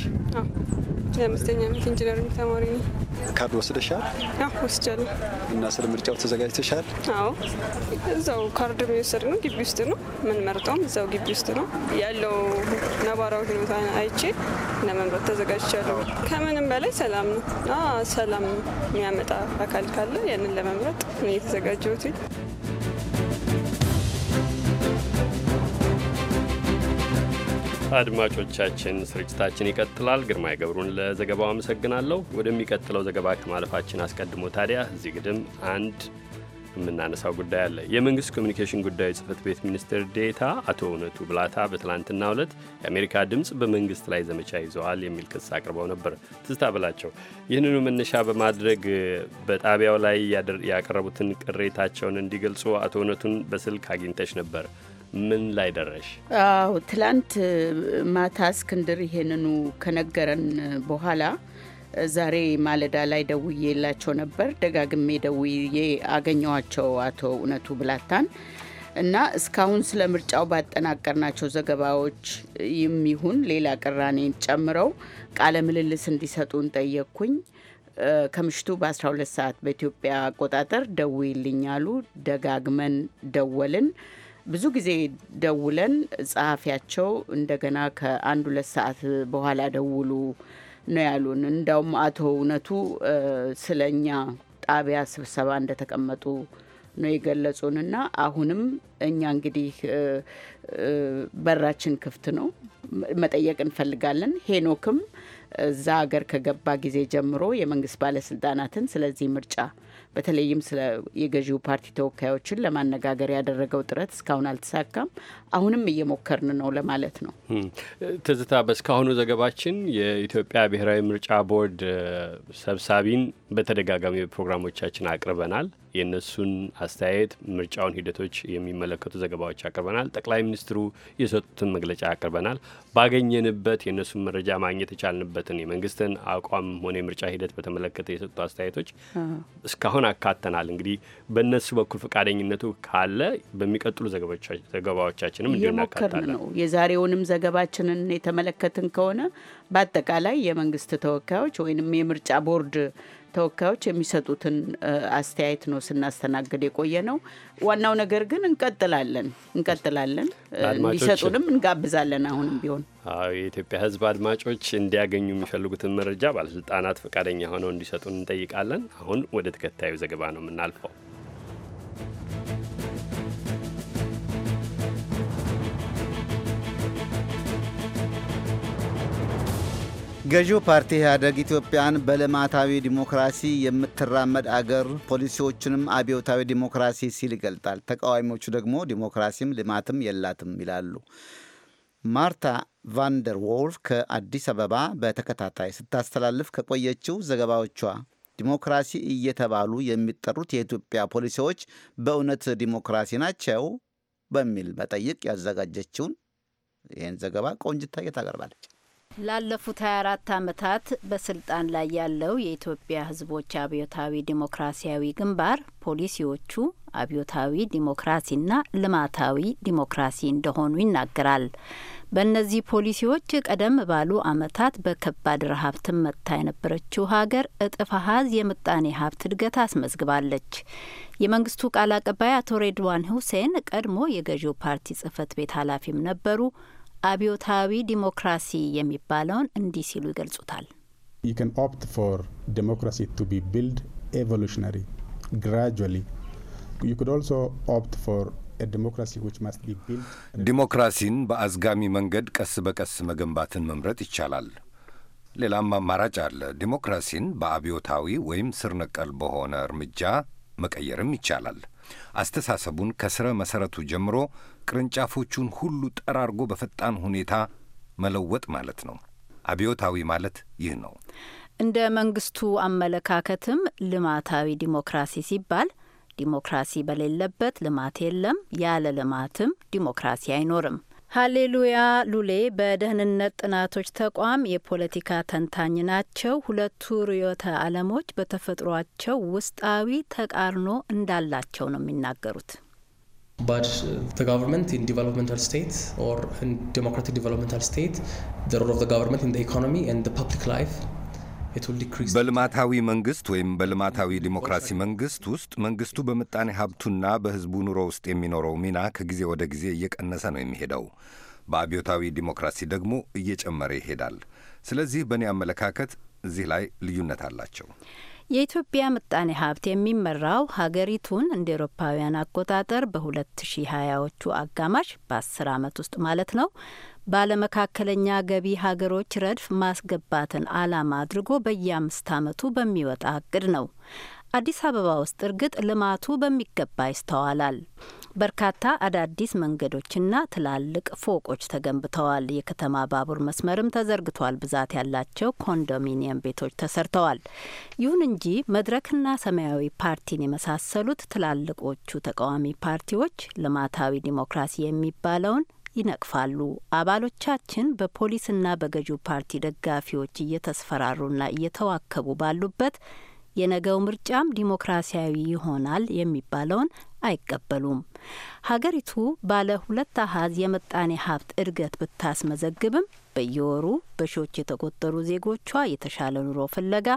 Speaker 10: የአምስተኛ ዓመት ኢንጂነሪንግ ተማሪ ነው።
Speaker 15: ካርድ ወስደሻል?
Speaker 10: አዎ ወስጃለሁ።
Speaker 15: እና ስለ ምርጫው ተዘጋጅተሻል?
Speaker 10: አዎ እዛው ካርድ የሚወሰድ ነው። ግቢ ውስጥ ነው የምንመርጠውም፣ እዛው ግቢ ውስጥ ነው ያለው። ነባራዊ ሁኔታ አይቼ ለመምረጥ ተዘጋጅቻለሁ። ከምንም በላይ ሰላም ነው። ሰላም የሚያመጣ አካል ካለ ያንን ለመምረጥ እኔ
Speaker 5: አድማጮቻችን ስርጭታችን ይቀጥላል። ግርማይ ገብሩን ለዘገባው አመሰግናለሁ። ወደሚቀጥለው ዘገባ ከማለፋችን አስቀድሞ ታዲያ እዚህ ግድም አንድ የምናነሳው ጉዳይ አለ። የመንግስት ኮሚኒኬሽን ጉዳዮች ጽህፈት ቤት ሚኒስትር ዴታ አቶ እውነቱ ብላታ በትላንትናው ዕለት የአሜሪካ ድምፅ በመንግስት ላይ ዘመቻ ይዘዋል የሚል ክስ አቅርበው ነበር። ትዝታ ብላቸው ይህንኑ መነሻ በማድረግ በጣቢያው ላይ ያቀረቡትን ቅሬታቸውን እንዲገልጹ አቶ እውነቱን በስልክ አግኝተች ነበር። ምን ላይ ደረሽ?
Speaker 8: አዎ ትላንት ማታ እስክንድር ይሄንኑ ከነገረን በኋላ ዛሬ ማለዳ ላይ ደውዬ የላቸው ነበር። ደጋግሜ ደውዬ አገኘዋቸው አቶ እውነቱ ብላታን እና እስካሁን ስለ ምርጫው ባጠናቀርናቸው ዘገባዎች የሚሁን ሌላ ቅራኔን ጨምረው ቃለ ምልልስ እንዲሰጡን ጠየቅኩኝ። ከምሽቱ በ12 ሰዓት በኢትዮጵያ አቆጣጠር ደውይልኝ አሉ። ደጋግመን ደወልን። ብዙ ጊዜ ደውለን ጸሐፊያቸው እንደገና ከአንድ ሁለት ሰዓት በኋላ ደውሉ ነው ያሉን። እንዳውም አቶ እውነቱ ስለኛ ጣቢያ ስብሰባ እንደተቀመጡ ነው የገለጹን እና አሁንም እኛ እንግዲህ በራችን ክፍት ነው፣ መጠየቅ እንፈልጋለን። ሄኖክም እዛ ሀገር ከገባ ጊዜ ጀምሮ የመንግስት ባለስልጣናትን ስለዚህ ምርጫ በተለይም ስለ የገዢው ፓርቲ ተወካዮችን ለማነጋገር ያደረገው ጥረት እስካሁን አልተሳካም። አሁንም እየሞከርን ነው ለማለት ነው።
Speaker 5: ትዝታ፣ በእስካሁኑ ዘገባችን የኢትዮጵያ ብሔራዊ ምርጫ ቦርድ ሰብሳቢን በተደጋጋሚ ፕሮግራሞቻችን አቅርበናል። የእነሱን አስተያየት ምርጫውን ሂደቶች የሚመለከቱ ዘገባዎች አቅርበናል። ጠቅላይ ሚኒስትሩ የሰጡትን መግለጫ አቅርበናል። ባገኘንበት የእነሱን መረጃ ማግኘት የቻልንበትን የመንግስትን አቋም ሆነ የምርጫ ሂደት በተመለከተ የሰጡ አስተያየቶች እስካሁን አካተናል። እንግዲህ በእነሱ በኩል ፈቃደኝነቱ ካለ በሚቀጥሉ ዘገባዎቻችንም እንዲሆናካታለን ነው።
Speaker 8: የዛሬውንም ዘገባችንን የተመለከትን ከሆነ በአጠቃላይ የመንግስት ተወካዮች ወይንም የምርጫ ቦርድ ተወካዮች የሚሰጡትን አስተያየት ነው ስናስተናግድ የቆየ ነው። ዋናው ነገር ግን እንቀጥላለን እንቀጥላለን እንዲሰጡንም እንጋብዛለን። አሁንም ቢሆን
Speaker 5: የኢትዮጵያ ሕዝብ አድማጮች እንዲያገኙ የሚፈልጉትን መረጃ ባለስልጣናት ፈቃደኛ ሆነው እንዲሰጡን እንጠይቃለን። አሁን ወደ ተከታዩ ዘገባ ነው የምናልፈው።
Speaker 1: ገዢው ፓርቲ ኢህአደግ ኢትዮጵያን በልማታዊ ዲሞክራሲ የምትራመድ አገር ፖሊሲዎችንም አብዮታዊ ዲሞክራሲ ሲል ይገልጣል። ተቃዋሚዎቹ ደግሞ ዲሞክራሲም ልማትም የላትም ይላሉ። ማርታ ቫንደር ዎልፍ ከአዲስ አበባ በተከታታይ ስታስተላልፍ ከቆየችው ዘገባዎቿ ዲሞክራሲ እየተባሉ የሚጠሩት የኢትዮጵያ ፖሊሲዎች በእውነት ዲሞክራሲ ናቸው በሚል መጠይቅ ያዘጋጀችውን ይህን ዘገባ ቆንጅታ እየታቀርባለች።
Speaker 16: ላለፉት 24 ዓመታት በስልጣን ላይ ያለው የኢትዮጵያ ህዝቦች አብዮታዊ ዲሞክራሲያዊ ግንባር ፖሊሲዎቹ አብዮታዊ ዲሞክራሲና ልማታዊ ዲሞክራሲ እንደሆኑ ይናገራል። በእነዚህ ፖሊሲዎች ቀደም ባሉ ዓመታት በከባድ ረሃብ ትመታ የነበረችው ሀገር እጥፍ አሃዝ የምጣኔ ሀብት እድገት አስመዝግባለች። የመንግስቱ ቃል አቀባይ አቶ ሬድዋን ሁሴን ቀድሞ የገዢው ፓርቲ ጽህፈት ቤት ኃላፊም ነበሩ። አብዮታዊ ዲሞክራሲ የሚባለውን እንዲህ ሲሉ ይገልጹታል።
Speaker 3: you can opt for democracy to be built evolutionary gradually you could also
Speaker 6: ዲሞክራሲን በአዝጋሚ መንገድ ቀስ በቀስ መገንባትን መምረጥ ይቻላል። ሌላም አማራጭ አለ። ዲሞክራሲን በአብዮታዊ ወይም ስር ነቀል በሆነ እርምጃ መቀየርም ይቻላል። አስተሳሰቡን ከስረ መሰረቱ ጀምሮ ቅርንጫፎቹን ሁሉ ጠራርጎ በፈጣን ሁኔታ መለወጥ ማለት ነው። አብዮታዊ ማለት ይህ ነው።
Speaker 16: እንደ መንግስቱ አመለካከትም ልማታዊ ዲሞክራሲ ሲባል ዲሞክራሲ በሌለበት ልማት የለም፣ ያለ ልማትም ዲሞክራሲ አይኖርም። ሀሌሉያ ሉሌ በደህንነት ጥናቶች ተቋም የፖለቲካ ተንታኝ ናቸው። ሁለቱ ርዕዮተ ዓለሞች በተፈጥሯቸው ውስጣዊ ተቃርኖ እንዳላቸው ነው የሚናገሩት።
Speaker 2: But uh, the government in developmental states or in democratic developmental state, the role of the government in the economy and the public life
Speaker 6: በልማታዊ መንግስት ወይም በልማታዊ ዲሞክራሲ መንግስት ውስጥ መንግስቱ በምጣኔ ሀብቱና በህዝቡ ኑሮ ውስጥ የሚኖረው ሚና ከጊዜ ወደ ጊዜ እየቀነሰ ነው የሚሄደው። በአብዮታዊ ዲሞክራሲ ደግሞ እየጨመረ ይሄዳል። ስለዚህ በእኔ አመለካከት እዚህ ላይ ልዩነት አላቸው።
Speaker 16: የኢትዮጵያ ምጣኔ ሀብት የሚመራው ሀገሪቱን እንደ ኤሮፓውያን አቆጣጠር በ2020ዎቹ አጋማሽ በ10 ዓመት ውስጥ ማለት ነው ባለመካከለኛ ገቢ ሀገሮች ረድፍ ማስገባትን ዓላማ አድርጎ በየአምስት ዓመቱ በሚወጣ እቅድ ነው። አዲስ አበባ ውስጥ እርግጥ ልማቱ በሚገባ ይስተዋላል። በርካታ አዳዲስ መንገዶችና ትላልቅ ፎቆች ተገንብተዋል። የከተማ ባቡር መስመርም ተዘርግቷል። ብዛት ያላቸው ኮንዶሚኒየም ቤቶች ተሰርተዋል። ይሁን እንጂ መድረክና ሰማያዊ ፓርቲን የመሳሰሉት ትላልቆቹ ተቃዋሚ ፓርቲዎች ልማታዊ ዲሞክራሲ የሚባለውን ይነቅፋሉ። አባሎቻችን በፖሊስና በገዢው ፓርቲ ደጋፊዎች እየተስፈራሩና እየተዋከቡ ባሉበት የነገው ምርጫም ዲሞክራሲያዊ ይሆናል የሚባለውን አይቀበሉም። ሀገሪቱ ባለ ሁለት አሀዝ የምጣኔ ሀብት እድገት ብታስመዘግብም በየወሩ በሺዎች የተቆጠሩ ዜጎቿ የተሻለ ኑሮ ፍለጋ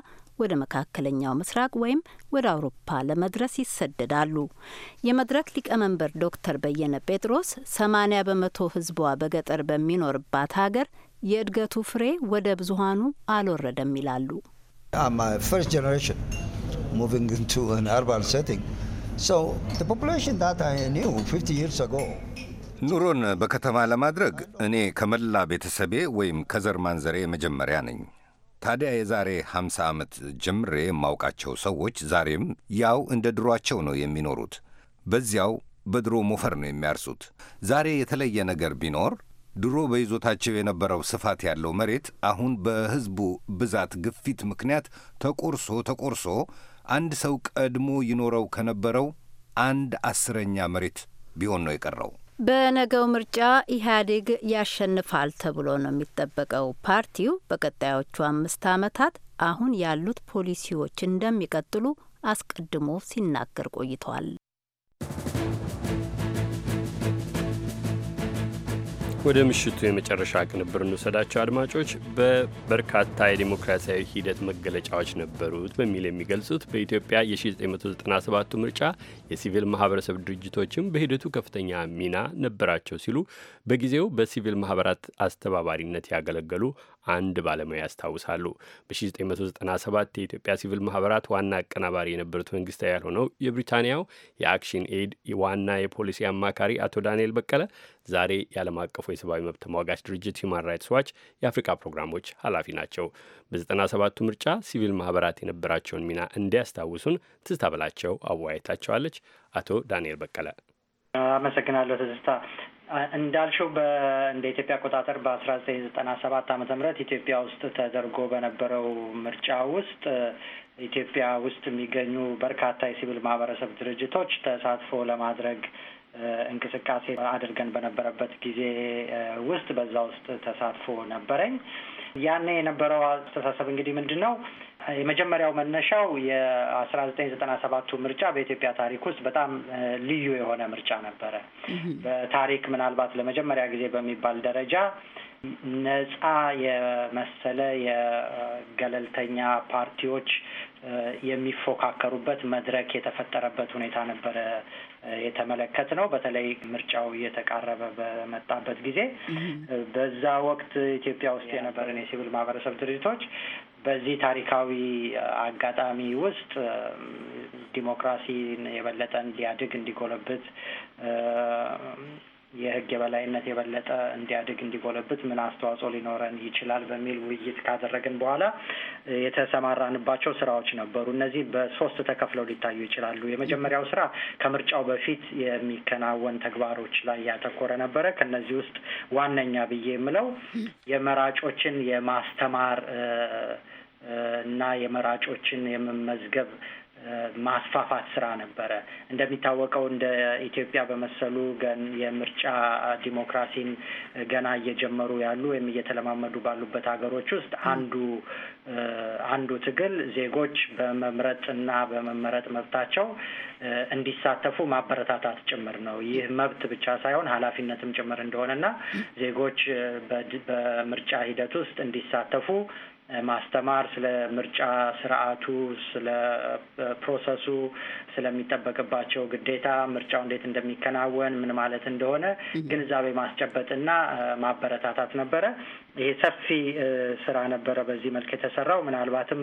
Speaker 16: ወደ መካከለኛው ምስራቅ ወይም ወደ አውሮፓ ለመድረስ ይሰደዳሉ። የመድረክ ሊቀመንበር ዶክተር በየነ ጴጥሮስ ሰማኒያ በመቶ ህዝቧ በገጠር በሚኖርባት ሀገር የእድገቱ ፍሬ ወደ ብዙሀኑ አልወረደም ይላሉ።
Speaker 4: So the population that I knew 50 years ago
Speaker 6: ኑሮን በከተማ ለማድረግ እኔ ከመላ ቤተሰቤ ወይም ከዘር ማንዘሬ መጀመሪያ ነኝ። ታዲያ የዛሬ 50 ዓመት ጀምሬ የማውቃቸው ሰዎች ዛሬም ያው እንደ ድሯቸው ነው የሚኖሩት። በዚያው በድሮ ሞፈር ነው የሚያርሱት። ዛሬ የተለየ ነገር ቢኖር ድሮ በይዞታቸው የነበረው ስፋት ያለው መሬት አሁን በሕዝቡ ብዛት ግፊት ምክንያት ተቆርሶ ተቆርሶ አንድ ሰው ቀድሞ ይኖረው ከነበረው አንድ አስረኛ መሬት ቢሆን ነው የቀረው።
Speaker 16: በነገው ምርጫ ኢህአዴግ ያሸንፋል ተብሎ ነው የሚጠበቀው። ፓርቲው በቀጣዮቹ አምስት ዓመታት አሁን ያሉት ፖሊሲዎች እንደሚቀጥሉ አስቀድሞ ሲናገር ቆይተዋል።
Speaker 5: ወደ ምሽቱ የመጨረሻ ቅንብር እንውሰዳቸው አድማጮች። በበርካታ የዲሞክራሲያዊ ሂደት መገለጫዎች ነበሩት በሚል የሚገልጹት በኢትዮጵያ የ1997 ምርጫ የሲቪል ማህበረሰብ ድርጅቶችም በሂደቱ ከፍተኛ ሚና ነበራቸው ሲሉ በጊዜው በሲቪል ማህበራት አስተባባሪነት ያገለገሉ አንድ ባለሙያ ያስታውሳሉ። በ1997 የኢትዮጵያ ሲቪል ማህበራት ዋና አቀናባሪ የነበሩት መንግስታዊ ያልሆነው የብሪታንያው የአክሽን ኤድ ዋና የፖሊሲ አማካሪ አቶ ዳንኤል በቀለ ዛሬ የዓለም አቀፉ የሰብአዊ መብት ተሟጋች ድርጅት ሂማን ራይትስ ዋች የአፍሪካ ፕሮግራሞች ኃላፊ ናቸው። በ97ቱ ምርጫ ሲቪል ማህበራት የነበራቸውን ሚና እንዲያስታውሱን ትዝታ በላቸው አወያይታቸዋለች። አቶ ዳንኤል በቀለ
Speaker 7: አመሰግናለሁ ትዝታ። እንዳልሽው እንደ ኢትዮጵያ አቆጣጠር በአስራ ዘጠኝ ዘጠና ሰባት ዓመተ ምህረት ኢትዮጵያ ውስጥ ተደርጎ በነበረው ምርጫ ውስጥ ኢትዮጵያ ውስጥ የሚገኙ በርካታ የሲቪል ማህበረሰብ ድርጅቶች ተሳትፎ ለማድረግ እንቅስቃሴ አድርገን በነበረበት ጊዜ ውስጥ በዛ ውስጥ ተሳትፎ ነበረኝ። ያኔ የነበረው አስተሳሰብ እንግዲህ ምንድን ነው? የመጀመሪያው መነሻው የአስራ ዘጠኝ ዘጠና ሰባቱ ምርጫ በኢትዮጵያ ታሪክ ውስጥ በጣም ልዩ የሆነ ምርጫ ነበረ። በታሪክ ምናልባት ለመጀመሪያ ጊዜ በሚባል ደረጃ ነጻ የመሰለ የገለልተኛ ፓርቲዎች የሚፎካከሩበት መድረክ የተፈጠረበት ሁኔታ ነበረ የተመለከት ነው። በተለይ ምርጫው እየተቃረበ በመጣበት ጊዜ በዛ ወቅት ኢትዮጵያ ውስጥ የነበረን የሲቪል ማህበረሰብ ድርጅቶች በዚህ ታሪካዊ አጋጣሚ ውስጥ ዲሞክራሲን የበለጠ እንዲያድግ እንዲጎለብት የህግ የበላይነት የበለጠ እንዲያድግ እንዲጎለብት ምን አስተዋጽኦ ሊኖረን ይችላል በሚል ውይይት ካደረግን በኋላ የተሰማራንባቸው ስራዎች ነበሩ። እነዚህ በሶስት ተከፍለው ሊታዩ ይችላሉ። የመጀመሪያው ስራ ከምርጫው በፊት የሚከናወን ተግባሮች ላይ ያተኮረ ነበረ። ከነዚህ ውስጥ ዋነኛ ብዬ የምለው የመራጮችን የማስተማር እና የመራጮችን የመመዝገብ ማስፋፋት ስራ ነበረ። እንደሚታወቀው እንደ ኢትዮጵያ በመሰሉ ገን የምርጫ ዲሞክራሲን ገና እየጀመሩ ያሉ ወይም እየተለማመዱ ባሉበት ሀገሮች ውስጥ አንዱ አንዱ ትግል ዜጎች በመምረጥና በመመረጥ መብታቸው እንዲሳተፉ ማበረታታት ጭምር ነው። ይህ መብት ብቻ ሳይሆን ኃላፊነትም ጭምር እንደሆነና ዜጎች በምርጫ ሂደት ውስጥ እንዲሳተፉ ማስተማር፣ ስለ ምርጫ ስርዓቱ፣ ስለ ፕሮሰሱ፣ ስለሚጠበቅባቸው ግዴታ ምርጫው እንዴት እንደሚከናወን ምን ማለት እንደሆነ ግንዛቤ ማስጨበጥና ማበረታታት ነበረ። ይሄ ሰፊ ስራ ነበረ በዚህ መልክ የተሰራው። ምናልባትም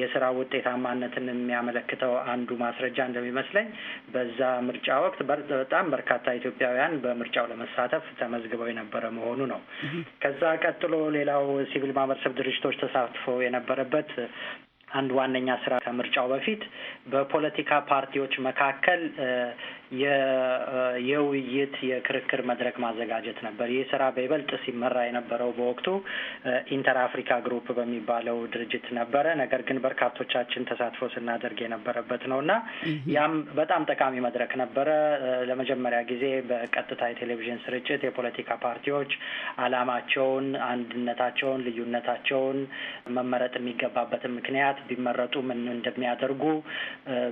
Speaker 7: የስራ ውጤታማነትን የሚያመለክተው አንዱ ማስረጃ እንደሚመስለኝ በዛ ምርጫ ወቅት በጣም በርካታ ኢትዮጵያውያን በምርጫው ለመሳተፍ ተመዝግበው የነበረ መሆኑ ነው። ከዛ ቀጥሎ ሌላው ሲቪል ማህበረሰብ ድርጅቶች ተሳትፎ የነበረበት አንድ ዋነኛ ስራ ከምርጫው በፊት በፖለቲካ ፓርቲዎች መካከል የውይይት የክርክር መድረክ ማዘጋጀት ነበር። ይህ ስራ በይበልጥ ሲመራ የነበረው በወቅቱ ኢንተር አፍሪካ ግሩፕ በሚባለው ድርጅት ነበረ። ነገር ግን በርካቶቻችን ተሳትፎ ስናደርግ የነበረበት ነው እና ያም በጣም ጠቃሚ መድረክ ነበረ። ለመጀመሪያ ጊዜ በቀጥታ የቴሌቪዥን ስርጭት የፖለቲካ ፓርቲዎች አላማቸውን አንድነታቸውን፣ ልዩነታቸውን መመረጥ የሚገባበትን ምክንያት ቢመረጡ ምን እንደሚያደርጉ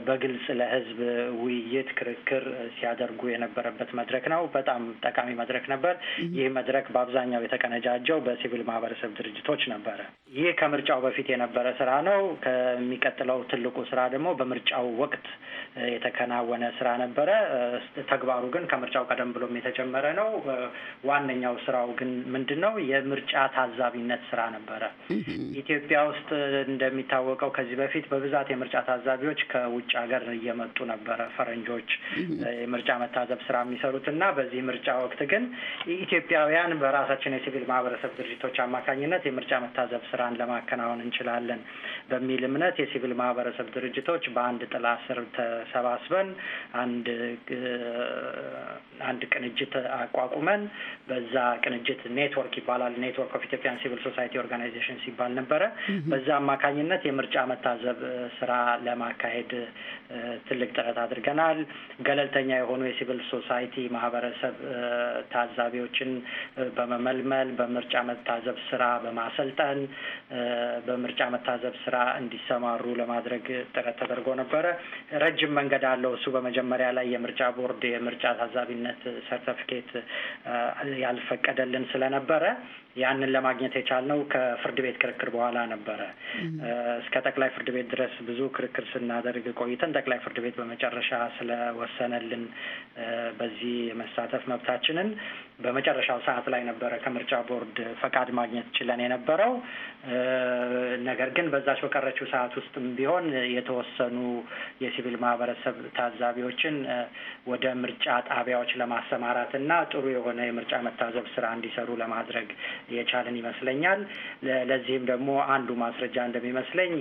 Speaker 7: በግልጽ ለህዝብ ውይይት፣ ክርክር ሲያደርጉ የነበረበት መድረክ ነው። በጣም ጠቃሚ መድረክ ነበር። ይህ መድረክ በአብዛኛው የተቀነጃጀው በሲቪል ማህበረሰብ ድርጅቶች ነበረ። ይህ ከምርጫው በፊት የነበረ ስራ ነው። ከሚቀጥለው ትልቁ ስራ ደግሞ በምርጫው ወቅት የተከናወነ ስራ ነበረ። ተግባሩ ግን ከምርጫው ቀደም ብሎም የተጀመረ ነው። ዋነኛው ስራው ግን ምንድን ነው? የምርጫ ታዛቢነት ስራ ነበረ። ኢትዮጵያ ውስጥ እንደሚታወቀው እንደሚታወቀው ከዚህ በፊት በብዛት የምርጫ ታዛቢዎች ከውጭ ሀገር እየመጡ ነበረ ፈረንጆች የምርጫ መታዘብ ስራ የሚሰሩት እና በዚህ ምርጫ ወቅት ግን ኢትዮጵያውያን በራሳችን የሲቪል ማህበረሰብ ድርጅቶች አማካኝነት የምርጫ መታዘብ ስራን ለማከናወን እንችላለን በሚል እምነት የሲቪል ማህበረሰብ ድርጅቶች በአንድ ጥላ ስር ተሰባስበን አንድ አንድ ቅንጅት አቋቁመን በዛ ቅንጅት ኔትወርክ ይባላል ኔትወርክ ኦፍ ኢትዮጵያን ሲቪል ሶሳይቲ ኦርጋናይዜሽን ሲባል ነበረ። በዛ አማካኝነት የምር ምርጫ መታዘብ ስራ ለማካሄድ ትልቅ ጥረት አድርገናል። ገለልተኛ የሆኑ የሲቪል ሶሳይቲ ማህበረሰብ ታዛቢዎችን በመመልመል በምርጫ መታዘብ ስራ በማሰልጠን በምርጫ መታዘብ ስራ እንዲሰማሩ ለማድረግ ጥረት ተደርጎ ነበረ። ረጅም መንገድ አለው እሱ። በመጀመሪያ ላይ የምርጫ ቦርድ የምርጫ ታዛቢነት ሰርተፍኬት ያልፈቀደልን ስለነበረ ያንን ለማግኘት የቻልነው ከፍርድ ቤት ክርክር በኋላ ነበረ። እስከ ከጠቅላይ ፍርድ ቤት ድረስ ብዙ ክርክር ስናደርግ ቆይተን ጠቅላይ ፍርድ ቤት በመጨረሻ ስለወሰነልን በዚህ የመሳተፍ መብታችንን በመጨረሻው ሰዓት ላይ ነበረ ከምርጫ ቦርድ ፈቃድ ማግኘት ችለን የነበረው። ነገር ግን በዛች በቀረችው ሰዓት ውስጥም ቢሆን የተወሰኑ የሲቪል ማህበረሰብ ታዛቢዎችን ወደ ምርጫ ጣቢያዎች ለማሰማራት እና ጥሩ የሆነ የምርጫ መታዘብ ስራ እንዲሰሩ ለማድረግ የቻልን ይመስለኛል። ለዚህም ደግሞ አንዱ ማስረጃ እንደሚመስለኝ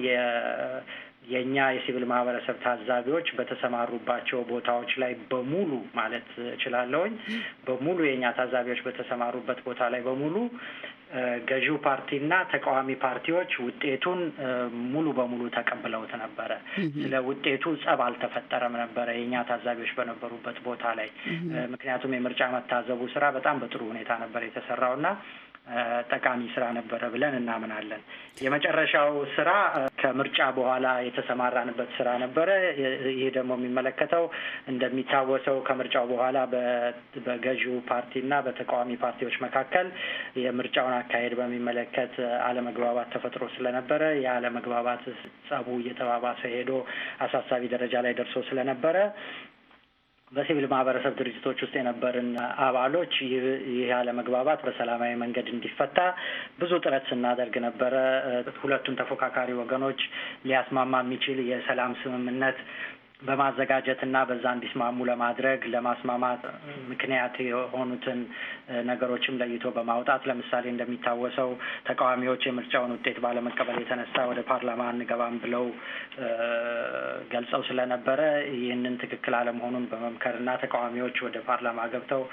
Speaker 7: የእኛ የሲቪል ማህበረሰብ ታዛቢዎች በተሰማሩባቸው ቦታዎች ላይ በሙሉ ማለት እችላለሁኝ በሙሉ የእኛ ታዛቢዎች በተሰማሩበት ቦታ ላይ በሙሉ ገዢው ፓርቲና ተቃዋሚ ፓርቲዎች ውጤቱን ሙሉ በሙሉ ተቀብለውት ነበረ። ስለ ውጤቱ ጸብ አልተፈጠረም ነበረ የእኛ ታዛቢዎች በነበሩበት ቦታ ላይ ምክንያቱም የምርጫ መታዘቡ ስራ በጣም በጥሩ ሁኔታ ነበር የተሰራውና ጠቃሚ ስራ ነበረ ብለን እናምናለን። የመጨረሻው ስራ ከምርጫ በኋላ የተሰማራንበት ስራ ነበረ። ይህ ደግሞ የሚመለከተው እንደሚታወሰው ከምርጫው በኋላ በገዢው ፓርቲና በተቃዋሚ ፓርቲዎች መካከል የምርጫውን አካሄድ በሚመለከት አለመግባባት ተፈጥሮ ስለነበረ የአለመግባባት ጸቡ እየተባባሰ ሄዶ አሳሳቢ ደረጃ ላይ ደርሶ ስለነበረ በሲቪል ማህበረሰብ ድርጅቶች ውስጥ የነበርን አባሎች ይህ አለመግባባት በሰላማዊ መንገድ እንዲፈታ ብዙ ጥረት ስናደርግ ነበረ። ሁለቱም ተፎካካሪ ወገኖች ሊያስማማ የሚችል የሰላም ስምምነት እና በዛ እንዲስማሙ ለማድረግ ለማስማማት ምክንያት የሆኑትን ነገሮችም ለይቶ በማውጣት ለምሳሌ እንደሚታወሰው ተቃዋሚዎች የምርጫውን ውጤት ባለመቀበል የተነሳ ወደ ፓርላማ አንገባም ብለው ገልጸው ስለነበረ ይህንን ትክክል አለመሆኑን በመምከርና ተቃዋሚዎች ወደ ፓርላማ ገብተው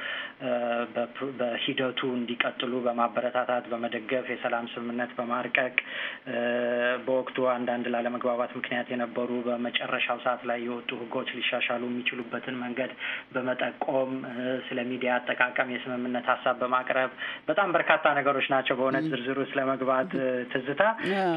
Speaker 7: በሂደቱ እንዲቀጥሉ በማበረታታት በመደገፍ የሰላም ስምምነት በማርቀቅ በወቅቱ አንዳንድ ላለመግባባት ምክንያት የነበሩ በመጨረሻው ሰዓት ላይ የወጡ ህጎች ሊሻሻሉ የሚችሉበትን መንገድ በመጠቆም ስለ ሚዲያ አጠቃቀም የስምምነት ሀሳብ በማቅረብ በጣም በርካታ ነገሮች ናቸው። በእውነት ዝርዝሩ ስለ ትዝታ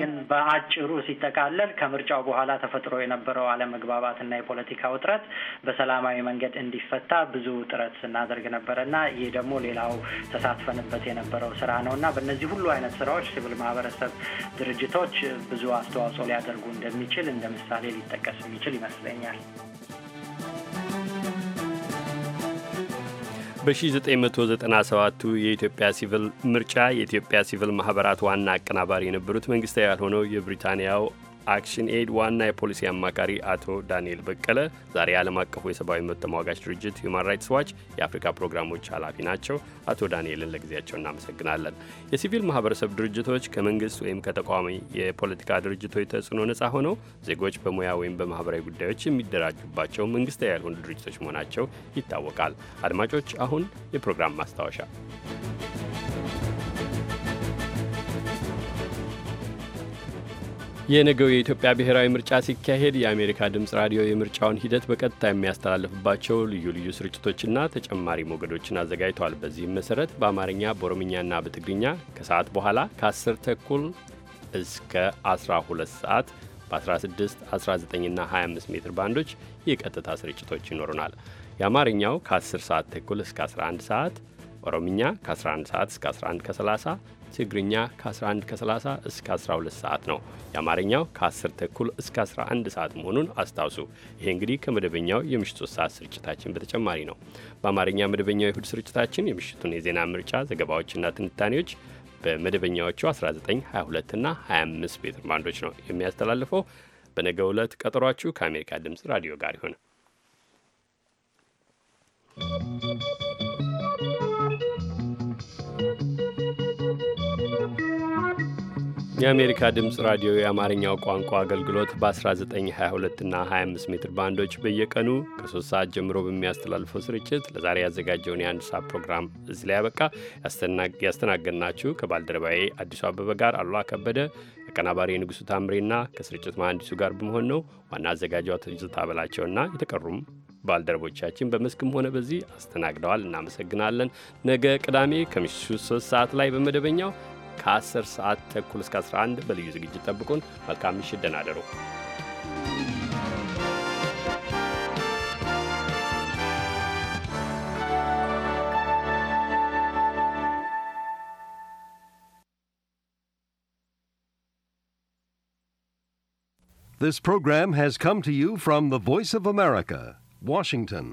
Speaker 7: ግን በአጭሩ ሲጠቃለል ከምርጫው በኋላ ተፈጥሮ የነበረው አለመግባባትና የፖለቲካ ውጥረት በሰላማዊ መንገድ እንዲፈታ ብዙ ጥረት ስናደርግ ነበረና ይህ ደግሞ ሌላው ተሳትፈንበት የነበረው ስራ ነው እና በእነዚህ ሁሉ አይነት ስራዎች ሲቪል ማህበረሰብ ድርጅቶች ብዙ አስተዋጽኦ ሊያደርጉ እንደሚችል እንደ ምሳሌ ሊጠቀስ የሚችል ይመስለኛል። ይገኛል
Speaker 5: በ 1997 የኢትዮጵያ ሲቪል ምርጫ የኢትዮጵያ ሲቪል ማህበራት ዋና አቀናባሪ የነበሩት መንግስታዊ ያልሆነው የብሪታንያው አክሽን ኤድ ዋና የፖሊሲ አማካሪ አቶ ዳንኤል በቀለ ዛሬ የዓለም አቀፉ የሰብአዊ መብት ተሟጋች ድርጅት ሁማን ራይትስ ዋች የአፍሪካ ፕሮግራሞች ኃላፊ ናቸው። አቶ ዳንኤልን ለጊዜያቸው እናመሰግናለን። የሲቪል ማህበረሰብ ድርጅቶች ከመንግስት ወይም ከተቃዋሚ የፖለቲካ ድርጅቶች ተጽዕኖ ነጻ ሆነው ዜጎች በሙያ ወይም በማህበራዊ ጉዳዮች የሚደራጁባቸው መንግስታዊ ያልሆኑ ድርጅቶች መሆናቸው ይታወቃል። አድማጮች፣ አሁን የፕሮግራም ማስታወሻ የነገው የኢትዮጵያ ብሔራዊ ምርጫ ሲካሄድ የአሜሪካ ድምፅ ራዲዮ የምርጫውን ሂደት በቀጥታ የሚያስተላልፍባቸው ልዩ ልዩ ስርጭቶችና ተጨማሪ ሞገዶችን አዘጋጅተዋል። በዚህም መሰረት በአማርኛ በኦሮምኛና በትግርኛ ከሰዓት በኋላ ከ10 ተኩል እስከ 12 ሰዓት በ16፣ 19ና 25 ሜትር ባንዶች የቀጥታ ስርጭቶች ይኖሩናል። የአማርኛው ከ10 ሰዓት ተኩል እስከ 11 ሰዓት ኦሮምኛ ከ11 ሰዓት እስከ 11 ከ30፣ ትግርኛ ከ11 ከ30 እስከ 12 ሰዓት ነው። የአማርኛው ከ10 ተኩል እስከ 11 ሰዓት መሆኑን አስታውሱ። ይሄ እንግዲህ ከመደበኛው የምሽቱ ሰዓት ስርጭታችን በተጨማሪ ነው። በአማርኛ መደበኛው የእሁድ ስርጭታችን የምሽቱን የዜና ምርጫ ዘገባዎችና ትንታኔዎች በመደበኛዎቹ 19፣ 22 እና 25 ሜትር ባንዶች ነው የሚያስተላልፈው። በነገ ዕለት ቀጠሯችሁ ከአሜሪካ ድምፅ ራዲዮ ጋር ይሆን። የአሜሪካ ድምፅ ራዲዮ የአማርኛው ቋንቋ አገልግሎት በ1922 እና 25 ሜትር ባንዶች በየቀኑ ከ3 ሰዓት ጀምሮ በሚያስተላልፈው ስርጭት ለዛሬ ያዘጋጀውን የአንድ ሰዓት ፕሮግራም እዚ ላይ ያበቃ። ያስተናገድናችሁ ከባልደረባዬ አዲሱ አበበ ጋር አሉላ ከበደ፣ አቀናባሪ ንጉሱ ታምሬና ከስርጭት መሐንዲሱ ጋር በመሆን ነው። ዋና አዘጋጇ ትዝታ በላቸውና የተቀሩም ባልደረቦቻችን በመስክም ሆነ በዚህ አስተናግደዋል። እናመሰግናለን። ነገ ቅዳሜ ከምሽቱ ሶስት ሰዓት ላይ በመደበኛው ከ10 ሰዓት ተኩል እስከ 11 በልዩ ዝግጅት ጠብቁን። መልካም ምሽት፣ ደህና እደሩ።
Speaker 6: This program has come to you from the Voice of America, Washington.